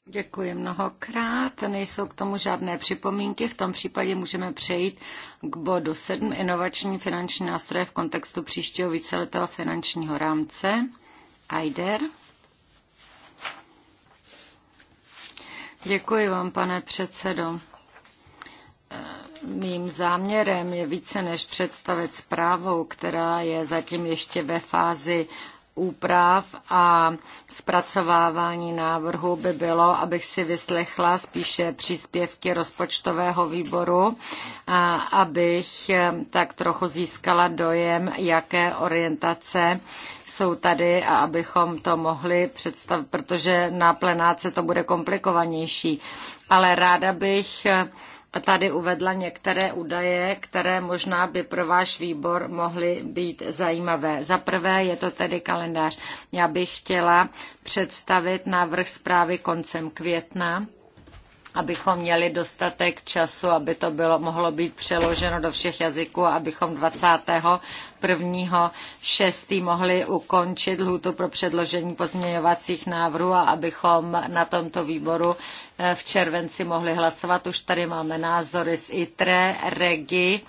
Děkuji mnohokrát. Nejsou k tomu žádné připomínky. V tom případě můžeme přejít k bodu 7. Inovační finanční nástroje v kontextu příštího víceletého finančního rámce. Aider. Děkuji vám, pane předsedo. Eh, mým záměrem je více než představit zprávu, která je zatím ještě ve fázi úprav a zpracovávání návrhu by bylo, abych si vyslechla spíše příspěvky rozpočtového výboru, a abych eh, tak trochu získala dojem, jaké orientace jsou tady a abychom to mohli představit, protože na plenáce to bude komplikovanější. Ale ráda bych eh, tady uvedla některé údaje, které možná by pro váš výbor mohly být zajímavé. Za prvé je to tedy kalendář. Já bych chtěla představit návrh zprávy koncem května abychom měli dostatek času, aby to bylo, mohlo být přeloženo do všech jazyků, abychom 21. 6. mohli ukončit lhůtu pro předložení pozměňovacích návrhů a abychom na tomto výboru eh, v červenci mohli hlasovat. Už tady máme názory z ITRE, REGI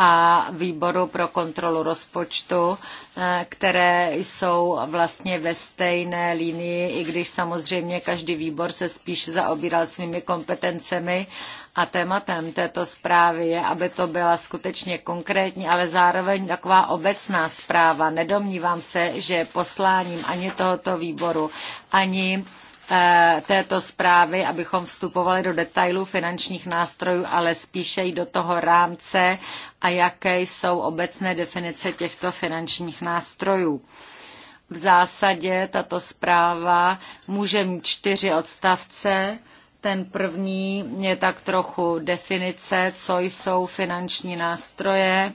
a výboru pro kontrolu rozpočtu, eh, které jsou vlastně ve stejné linii, i když samozřejmě každý výbor se spíš zaobíral svými kompetencemi a tématem této zprávy je, aby to byla skutečně konkrétní, ale zároveň taková obecná zpráva. Nedomnívám se, že posláním ani tohoto výboru, ani Eh, této zprávy, abychom vstupovali do detailů finančních nástrojů, ale spíše i do toho rámce a jaké jsou obecné definice těchto finančních nástrojů. V zásadě tato zpráva může mít čtyři odstavce. Ten první je tak trochu definice, co jsou finanční nástroje.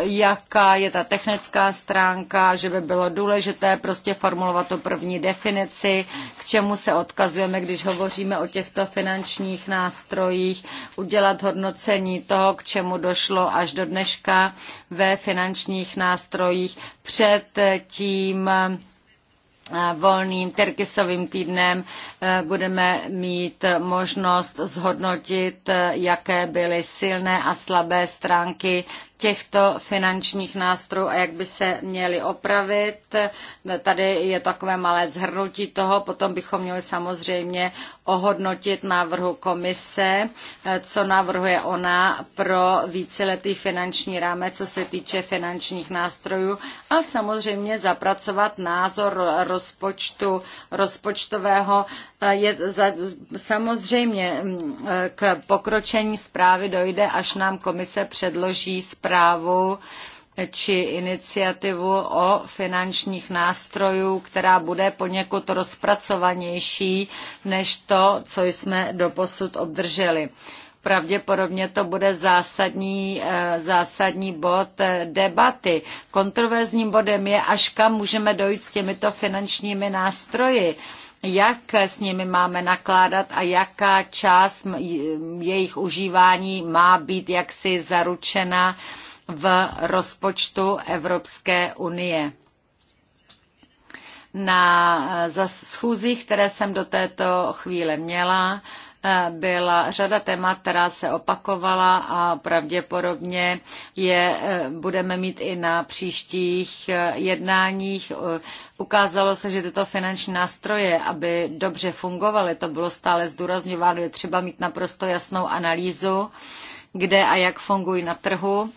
jaká je ta technická stránka, že by bylo důležité prostě formulovat tu první definici, k čemu se odkazujeme, když hovoříme o těchto finančních nástrojích, udělat hodnocení toho, k čemu došlo až do dneška ve finančních nástrojích před tím eh, volným Tyrkisovým týdnem eh, budeme mít možnost zhodnotit, eh, jaké byly silné a slabé stránky těchto finančních nástrojů a jak by se měly opravit. Tady je takové malé zhrnutí toho, potom bychom měli samozřejmě ohodnotit návrhu komise, co navrhuje ona pro víceletý finanční rámec, co se týče finančních nástrojů a samozřejmě zapracovat názor rozpočtu, rozpočtového je za, samozřejmě mm, k pokročení zprávy dojde, až nám komise předloží zprávu či iniciativu o finančních nástrojů, která bude poněkud rozpracovanější než to, co jsme doposud obdrželi. Pravděpodobně to bude zásadní, eh, zásadní bod eh, debaty. Kontroverzním bodem je, až kam můžeme dojít s těmito finančními nástroji jak s nimi máme nakládat a jaká část jejich užívání má být jaksi zaručena v rozpočtu Evropské unie. Na eh, schůzích, které jsem do této chvíle měla, Eh, byla řada témat, která se opakovala a pravděpodobně je eh, budeme mít i na příštích eh, jednáních. Ukázalo se, že tyto finanční nástroje, aby dobře fungovaly, to bylo stále zdůrazňováno, je třeba mít naprosto jasnou analýzu, kde a jak fungují na trhu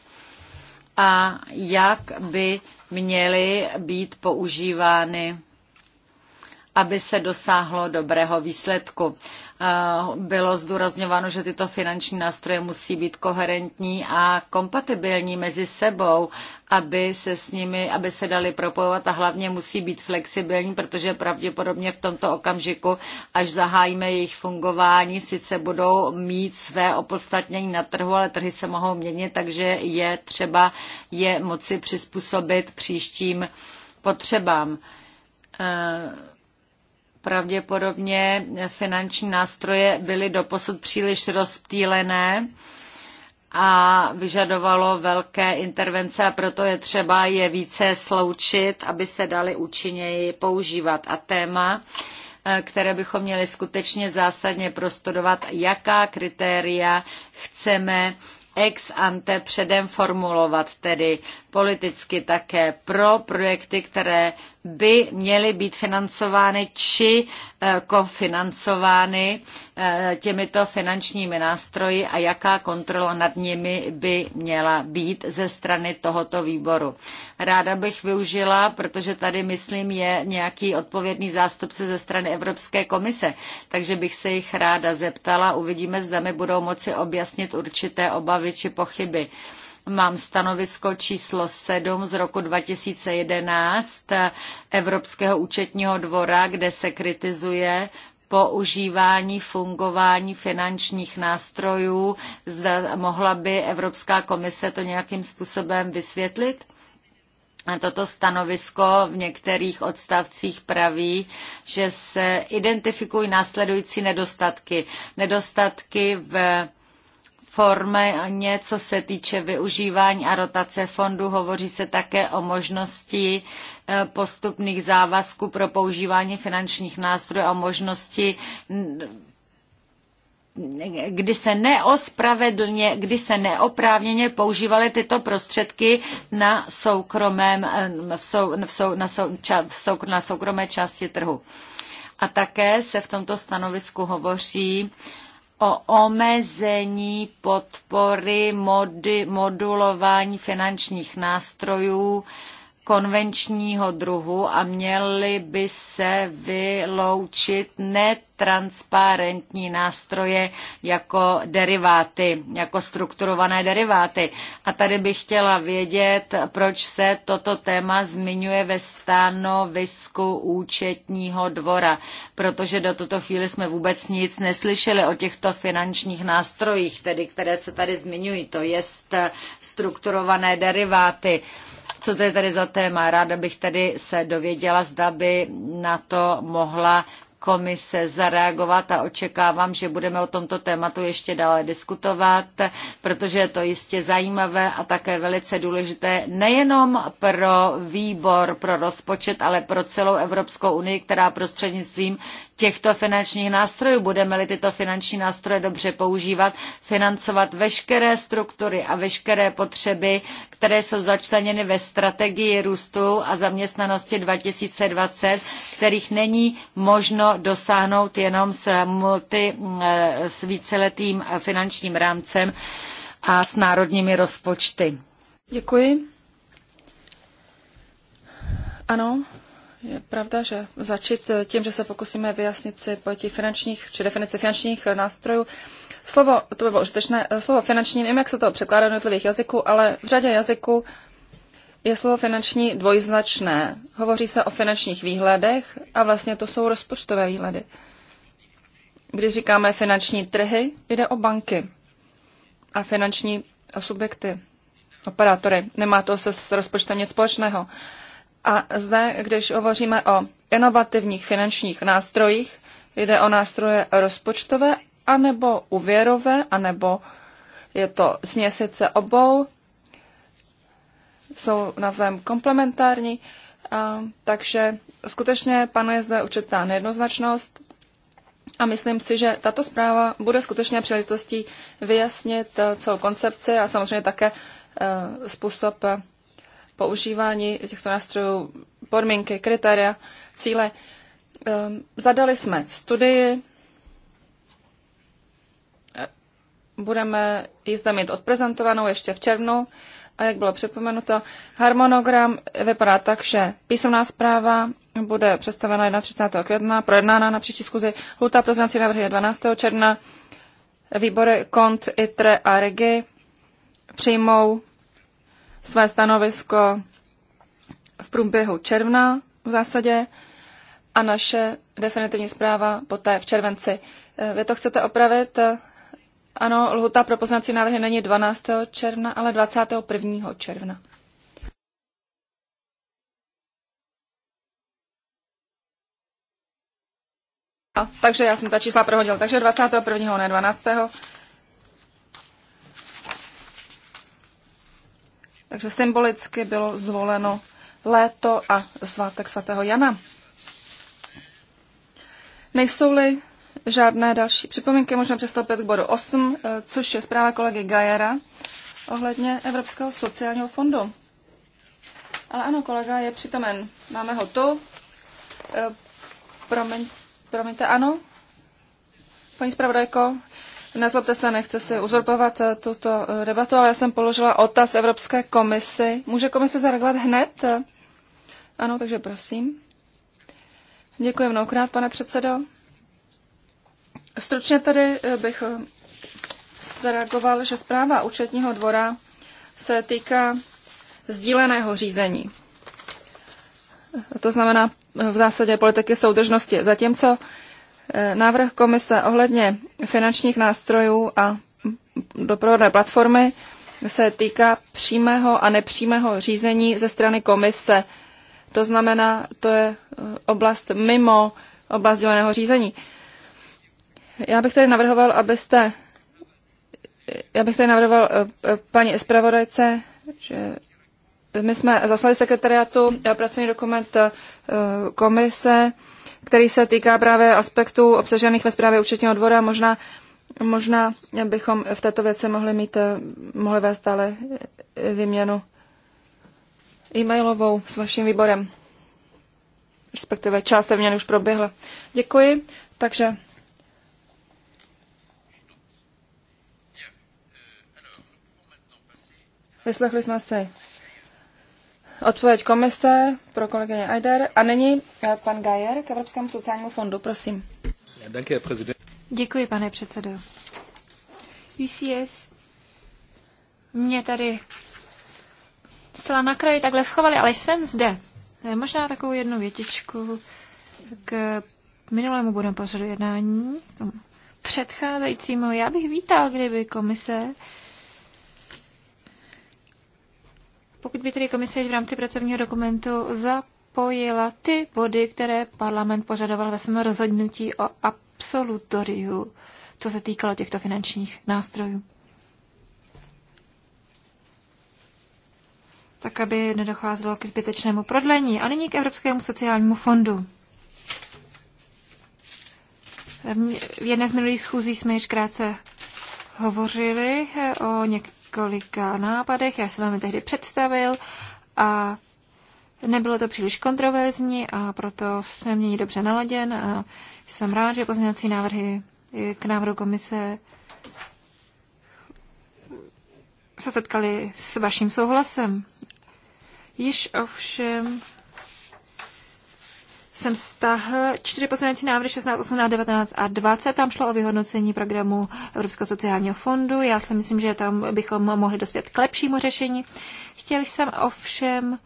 a jak by měly být používány, aby se dosáhlo dobrého výsledku. Eh, bylo zdůrazňováno, že tyto finanční nástroje musí být koherentní a kompatibilní mezi sebou, aby se s nimi, aby se dali propojovat a hlavně musí být flexibilní, protože pravděpodobně v tomto okamžiku, až zahájíme jejich fungování, sice budou mít své opodstatnění na trhu, ale trhy se mohou měnit, takže je třeba je moci přizpůsobit příštím potřebám eh, pravděpodobně finanční nástroje byly doposud příliš rozptýlené a vyžadovalo velké intervence a proto je třeba je více sloučit, aby se dali účinněji používat. A téma, eh, které bychom měli skutečně zásadně prostudovat, jaká kritéria chceme ex ante předem formulovat, tedy politicky také pro projekty, které by měly být financovány či eh, kofinancovány eh, těmito finančními nástroji a jaká kontrola nad nimi by měla být ze strany tohoto výboru. Ráda bych využila, protože tady, myslím, je nějaký odpovědný zástupce ze strany Evropské komise, takže bych se jich ráda zeptala. Uvidíme, zda mi budou moci objasnit určité obavy či pochyby. Mám stanovisko číslo 7 z roku 2011 Evropského účetního dvora, kde se kritizuje používání, fungování finančních nástrojů. Zda mohla by Evropská komise to nějakým způsobem vysvětlit? A Toto stanovisko v některých odstavcích praví, že se identifikují následující nedostatky. Nedostatky v formě, co se týče využívání a rotace fondu, hovoří se také o možnosti eh, postupných závazků pro používání finančních nástrojů a možnosti mm, kdy se neospravedlně, kdy se neoprávněně používaly tyto prostředky na soukromém, eh, v sou, v sou, na, sou, ča, v sou, na soukromé části trhu. A také se v tomto stanovisku hovoří uh, o omezení podpory modulování finančních nástrojů konvenčního druhu a měly by se vyloučit netransparentní nástroje jako deriváty, jako strukturované deriváty. A tady bych chtěla vědět, proč se toto téma zmiňuje ve stanovisku účetního dvora, protože do tuto chvíli jsme vůbec nic neslyšeli o těchto finančních nástrojích, tedy které se tady zmiňují, to jest strukturované deriváty co to je tady za téma? Ráda bych tady se dověděla, zda by na to mohla komise zareagovat a očekávám, že budeme o tomto tématu ještě dále diskutovat, protože je to jistě zajímavé a také velice důležité nejenom pro výbor pro rozpočet, ale pro celou Evropskou unii, která prostřednictvím těchto finančních nástrojů, budeme-li tyto finanční nástroje dobře používat, financovat veškeré struktury a veškeré potřeby které jsou začleněny ve strategii růstu a zaměstnanosti 2020, kterých není možno dosáhnout jenom s, multi, s víceletým finančním rámcem a s národními rozpočty. Děkuji. Ano, je pravda, že začít tím, že se pokusíme vyjasnit si pojetí finančních, či definici finančních nástrojů, Slovo, to by bylo užitečné, eh, slovo finanční, nevím, jak se to překládá do jednotlivých jazyků, ale v řadě jazyků je slovo finanční dvojznačné. Hovoří se o finančních výhledech a vlastně to jsou rozpočtové výhledy. Když říkáme finanční trhy, jde o banky a finanční subjekty, operátory. Nemá to se s rozpočtem nic společného. A zde, když hovoříme o inovativních finančních nástrojích, jde o nástroje rozpočtové anebo uvěrové, anebo je to směsice obou, jsou navzájem komplementární, a, takže skutečně panuje zde určitá nejednoznačnost a myslím si, že tato zpráva bude skutečně příležitostí vyjasnit eh, celou koncepci a samozřejmě také eh, způsob eh, používání těchto nástrojů, podmínky, kritéria, cíle. Ehm, zadali jsme studii, Budeme ji zde mít odprezentovanou ještě v červnu a jak bylo připomenuto, harmonogram vypadá tak, že písemná zpráva bude představena 31. května, projednána na příští schůzi. Hluta pro znací návrhy je 12. června. Výbory KONT, ITRE a REGI přijmou své stanovisko v průběhu června v zásadě a naše definitivní zpráva poté v červenci. Vy to chcete opravit? Ano, lhuta pro poznací návrhy není 12. června, ale 21. června. takže já jsem ta čísla prohodil, takže 21. ne 12. Takže symbolicky bylo zvoleno léto a svátek svatého Jana. Nejsou-li žádné další připomínky, můžeme přestoupit k bodu 8, eh, což je zpráva kolegy Gajera ohledně Evropského sociálního fondu. Ale ano, kolega je přitomen. Máme ho tu. Eh, promiň, promiňte, ano. Paní zpravodajko, nezlobte se, nechce si uzurpovat eh, tuto debatu, ale já jsem položila otaz Evropské komisi. Může komise zareagovat hned? Ano, takže prosím. Děkuji mnohokrát, pane předsedo. Stručně tedy eh, bych eh, zareagoval, že zpráva účetního dvora se týká sdíleného řízení. To znamená eh, v zásadě politiky soudržnosti. Zatímco návrh komise ohledně finančních nástrojů a doprovodné platformy se týká přímého a nepřímého řízení ze strany komise. To znamená, to je oblast mimo oblast děleného řízení. Já bych tady navrhoval, abyste, já bych tady navrhoval eh, eh, paní zpravodajce, že my jsme zaslali sekretariátu eh, pracovní dokument komise, který se týká právě aspektů obsažených ve zprávě účetního dvora. Možná, možná bychom v této věci mohli mít, mohli vést ale výměnu e-mailovou s vaším výborem. Respektive část té výměny už proběhla. Děkuji, takže Vyslechli jsme si odpověď komise pro kolegyně Eider A nyní eh, pan Gajer k Evropskému sociálnímu fondu, prosím. Děkuji, pane předsedo. UCS mě tady zcela na kraji takhle schovali, ale jsem zde. Možná takovou jednu větičku k minulému bodem pořadu jednání, k tomu předcházejícímu. Já bych vítal, kdyby komise Pokud by tedy komise v rámci pracovního dokumentu zapojila ty body, které parlament požadoval ve svém rozhodnutí o absolutoriu, co se týkalo těchto finančních nástrojů. tak aby nedocházelo k zbytečnému prodlení. A nyní k Evropskému sociálnímu fondu. V jedné z minulých schůzí jsme již krátce hovořili o něk- několika nápadech, já jsem vám je tehdy představil a nebylo to příliš kontroverzní a proto jsem mění dobře naladěn a jsem rád, že pozměňovací návrhy k návrhu komise se setkali s vaším souhlasem. Již ovšem jsem stahl čtyři poslanecí návrhy 16, 18, 19 a 20. Tam šlo o vyhodnocení programu Evropského sociálního fondu. Já si myslím, že tam bychom mohli dospět k lepšímu řešení. Chtěl jsem ovšem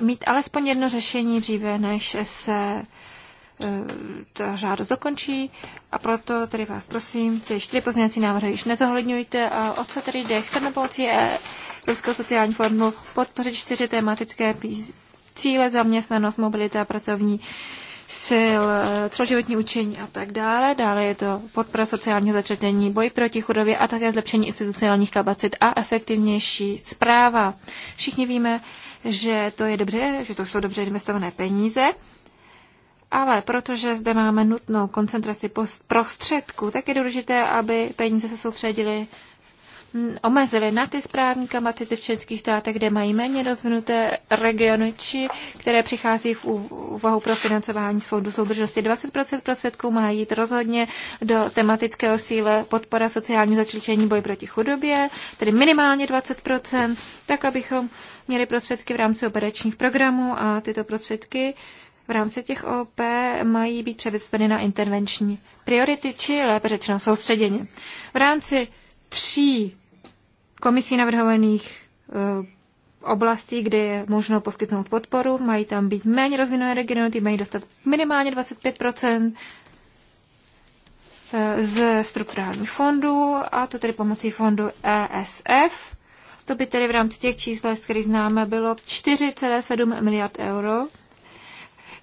mít alespoň jedno řešení dříve, než se eh, ta žádost dokončí a proto tedy vás prosím, ty čtyři pozměňovací návrhy již nezohledňujte. A o co tedy jde? Chceme pomocí e- Evropského sociální fondu podpořit čtyři tematické cíle, zaměstnanost, mobilita a pracovní sil, eh, celoživotní učení a tak dále. Dále je to podpora sociálního začlenění, boj proti chudově a také zlepšení institucionálních kapacit a efektivnější zpráva. Všichni víme, že to je dobře, že to jsou dobře investované peníze, ale protože zde máme nutnou koncentraci prostředků, tak je důležité, aby peníze se soustředily omezili na ty správní kapacity v členských státech, kde mají méně rozvinuté regiony, či které přichází v úvahu pro financování z fondu soudržnosti. 20% prostředků má jít rozhodně do tematického síle podpora sociální začlenění boj proti chudobě, tedy minimálně 20%, tak abychom měli prostředky v rámci operačních programů a tyto prostředky v rámci těch OP mají být převedeny na intervenční priority, či lépe řečeno soustředění. V rámci tří komisí navrhovaných eh, oblastí, kde je možno poskytnout podporu, mají tam být méně rozvinuté regiony, ty mají dostat minimálně 25 eh, z strukturálních fondů, a to tedy pomocí fondu ESF. To by tedy v rámci těch čísel, které známe, bylo 4,7 miliard euro.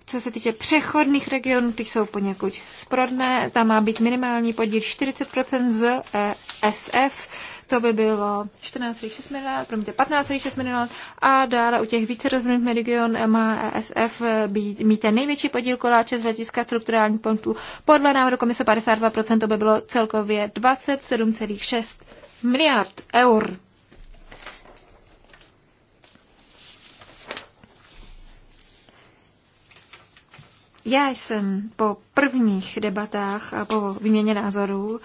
Co se týče přechodných regionů, ty jsou poněkud sprodné. Tam má být minimální podíl 40% z eh, SF, to by bylo 14,6 miliard, promiňte, 15,6 miliard a dále u těch více rozvinutých region má ESF eh, být, mít ten největší podíl koláče z hlediska strukturálních pontů. Podle návrhu komise 52% to by bylo celkově 27,6 miliard eur. Já jsem po prvních debatách a po výměně názorů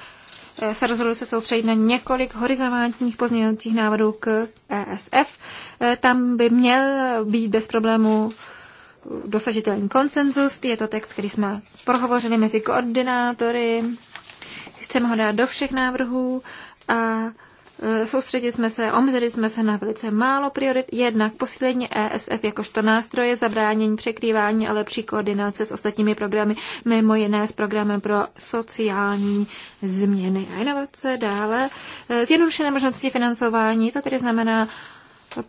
eh, se rozhodl se soustředit na několik horizontálních pozměňovacích návrhů k ESF. Eh, tam by měl být bez problému dosažitelný konsenzus. Je to text, který jsme prohovořili mezi koordinátory. Chceme ho dát do všech návrhů a Eh, soustředili jsme se, omezili jsme se na velice málo priorit, jednak posílení ESF jakožto nástroje, zabránění překrývání a lepší koordinace s ostatními programy, mimo jiné s programem pro sociální změny a inovace, dále eh, zjednodušené možnosti financování, to tedy znamená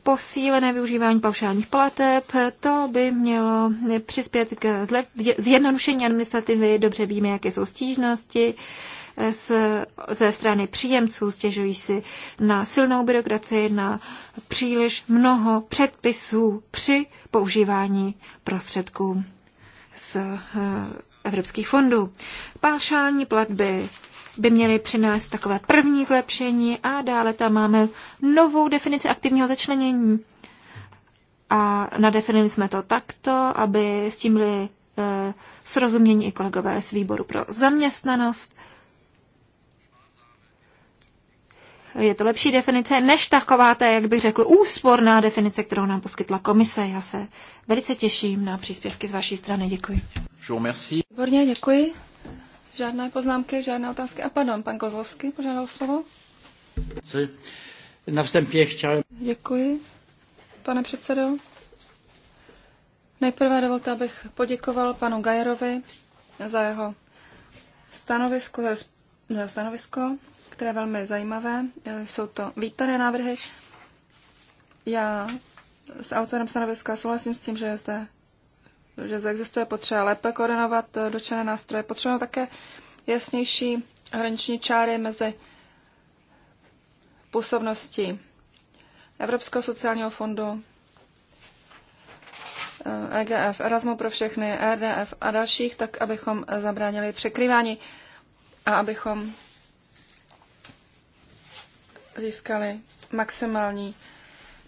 posílené využívání paušálních plateb, to by mělo přispět k zjednodušení administrativy, dobře víme, jaké jsou stížnosti, z, ze strany příjemců, stěžují si na silnou byrokracii, na příliš mnoho předpisů při používání prostředků z eh, evropských fondů. Pášální platby by měly přinést takové první zlepšení a dále tam máme novou definici aktivního začlenění. A nadefinili jsme to takto, aby s tím byli e, eh, srozumění i kolegové z výboru pro zaměstnanost. je to lepší definice než taková ta, jak bych řekl, úsporná definice, kterou nám poskytla komise. Já se velice těším na příspěvky z vaší strany. Děkuji. Výborně, děkuji. Žádné poznámky, žádné otázky. A pardon, pan Kozlovský požádal slovo. Na vstępě chtěl. Děkuji, pane předsedo. Nejprve dovolte, abych poděkoval panu Gajerovi za jeho stanovisko, za jeho stanovisko některé velmi zajímavé. Eh, Jsou to vítané návrhy. Já s autorem stanoviska souhlasím s tím, že zde že zde existuje potřeba lépe koordinovat eh, dočené nástroje. Potřebujeme také jasnější hraniční čáry mezi působností Evropského sociálního fondu, EGF, eh, e Erasmu pro všechny, e RDF a dalších, tak abychom zabránili překrývání a abychom získali maximální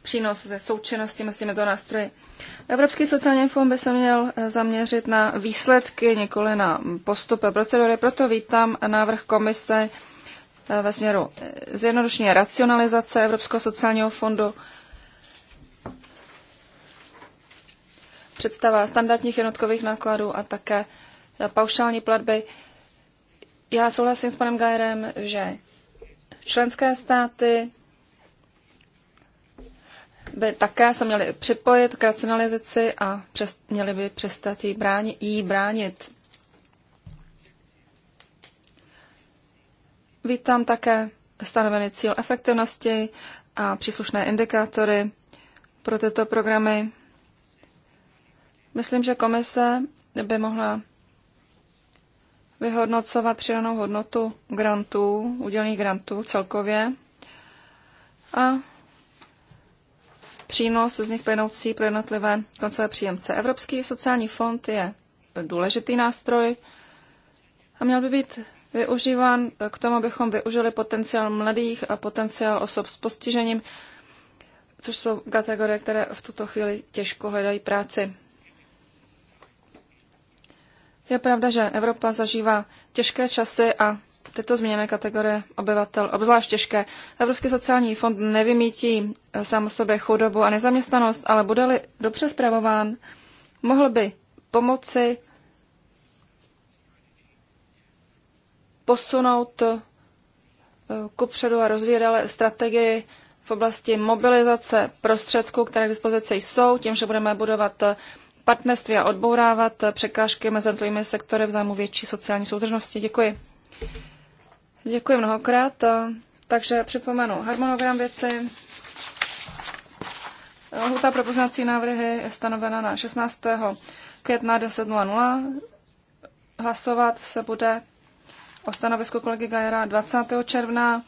přínos ze součinnosti mezi těmito nástroji. Evropský sociální fond by se měl eh, zaměřit na výsledky, nikoli na postup procedury, proto vítám návrh komise eh, ve směru eh, zjednodušení racionalizace Evropského sociálního fondu. Představa standardních jednotkových nákladů a také paušální platby. Já souhlasím s panem Gajerem, že Členské státy by také se měly připojit k racionalizaci a přes, měly by přestat jí bránit. Jí bránit. Vítám také stanovený cíl efektivnosti a příslušné indikátory pro tyto programy. Myslím, že komise by mohla vyhodnocovat přidanou hodnotu grantů, udělených grantů celkově a přínos z nich plynoucí pro jednotlivé koncové příjemce. Evropský sociální fond je důležitý nástroj a měl by být využíván k tomu, abychom využili potenciál mladých a potenciál osob s postižením, což jsou kategorie, které v tuto chvíli těžko hledají práci. Je pravda, že Evropa zažívá těžké časy a tyto změněné kategorie obyvatel obzvlášť těžké. Evropský sociální fond nevymítí eh, sám o sobě chudobu a nezaměstnanost, ale bude-li dobře zpravován, mohl by pomoci posunout eh, kupředu a rozvíjet dále strategii v oblasti mobilizace prostředků, které k dispozici jsou, tím, že budeme budovat eh, partnerství a odbourávat překážky mezi jednotlivými sektory v zájmu větší sociální soudržnosti. Děkuji. Děkuji mnohokrát. Takže připomenu harmonogram věci. Lhuta pro poznací návrhy je stanovena na 16. května 10.00. Hlasovat se bude o stanovisku kolegy Gajera 20. června.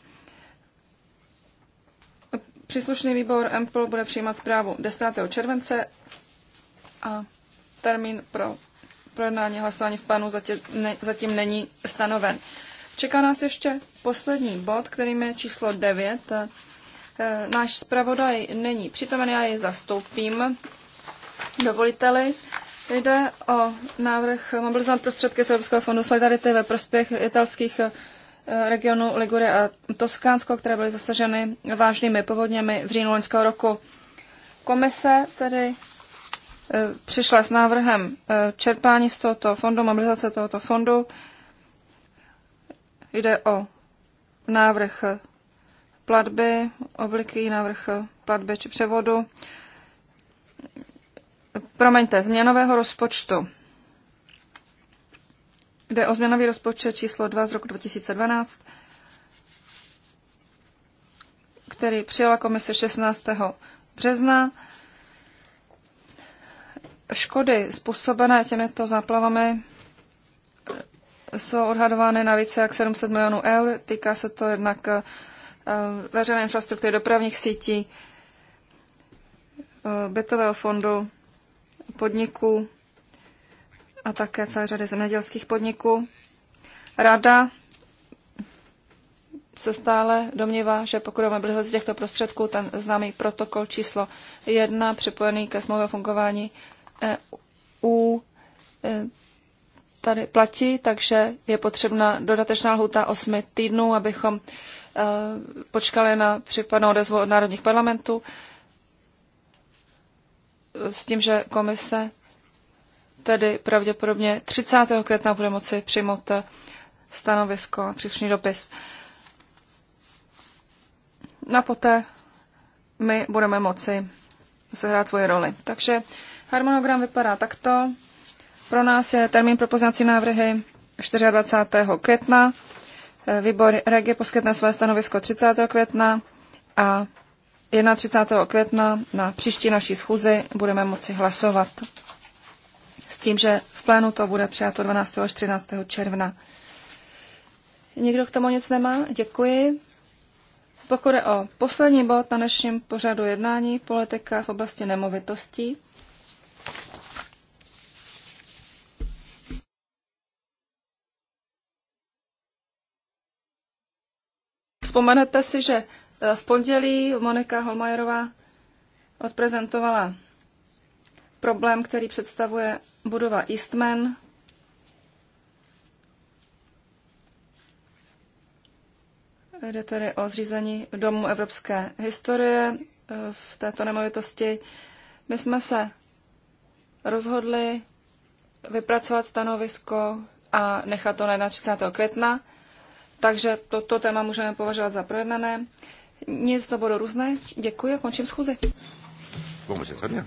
Příslušný výbor MPL bude přijímat zprávu 10. července a termín pro projednání hlasování v plánu zatím, ne, zatím není stanoven. Čeká nás ještě poslední bod, kterým je číslo 9. E, náš zpravodaj není přítomen, já jej zastoupím. Dovoliteli, jde o návrh mobilizovat prostředky z Evropského fondu Solidarity ve prospěch italských e, regionu Ligure a Toskánsko, které byly zasaženy vážnými povodněmi v říjnu loňského roku. Komise tedy Eh, přišla s návrhem eh, čerpání z tohoto fondu, mobilizace tohoto fondu. Jde o návrh platby, obliký návrh platby či převodu. Promiňte, změnového rozpočtu. Jde o změnový rozpočet číslo 2 z roku 2012, který přijala komise 16. března škody způsobené těmito záplavami eh, jsou odhadovány na více jak 700 milionů eur. Týká se to jednak eh, veřejné infrastruktury, dopravních sítí, eh, bytového fondu, podniků a také celé řady zemědělských podniků. Rada se stále domnívá, že pokud o mobilizaci těchto prostředků, ten známý protokol číslo 1 připojený ke smlouvě o fungování EU e, tady platí, takže je potřebna dodatečná lhuta 8 týdnů, abychom e, počkali na případnou odezvu od národních parlamentů s tím, že komise tedy pravděpodobně 30. května bude moci přijmout e, stanovisko a příslušný dopis. Na poté my budeme moci sehrát svoji roli. Takže Harmonogram vypadá takto. Pro nás je termín pro poznací návrhy 24. května. Eh, výbor Regie poskytne své stanovisko 30. května a 31. května na příští naší schůzi budeme moci hlasovat. S tím, že v plénu to bude přijato 12. až 13. června. Nikdo k tomu nic nemá? Děkuji. Pokud je o poslední bod na dnešním pořadu jednání, politika v oblasti nemovitostí, Vzpomenete si, že eh, v pondělí Monika Holmajerová odprezentovala problém, který představuje budova Eastman. Jde tedy o zřízení Domu evropské historie eh, v této nemovitosti. My jsme se rozhodli vypracovat stanovisko a nechat to na 30. května. Takže toto téma můžeme považovat za projednané. Nic to bylo různé. Děkuji a končím schůzi. Bon,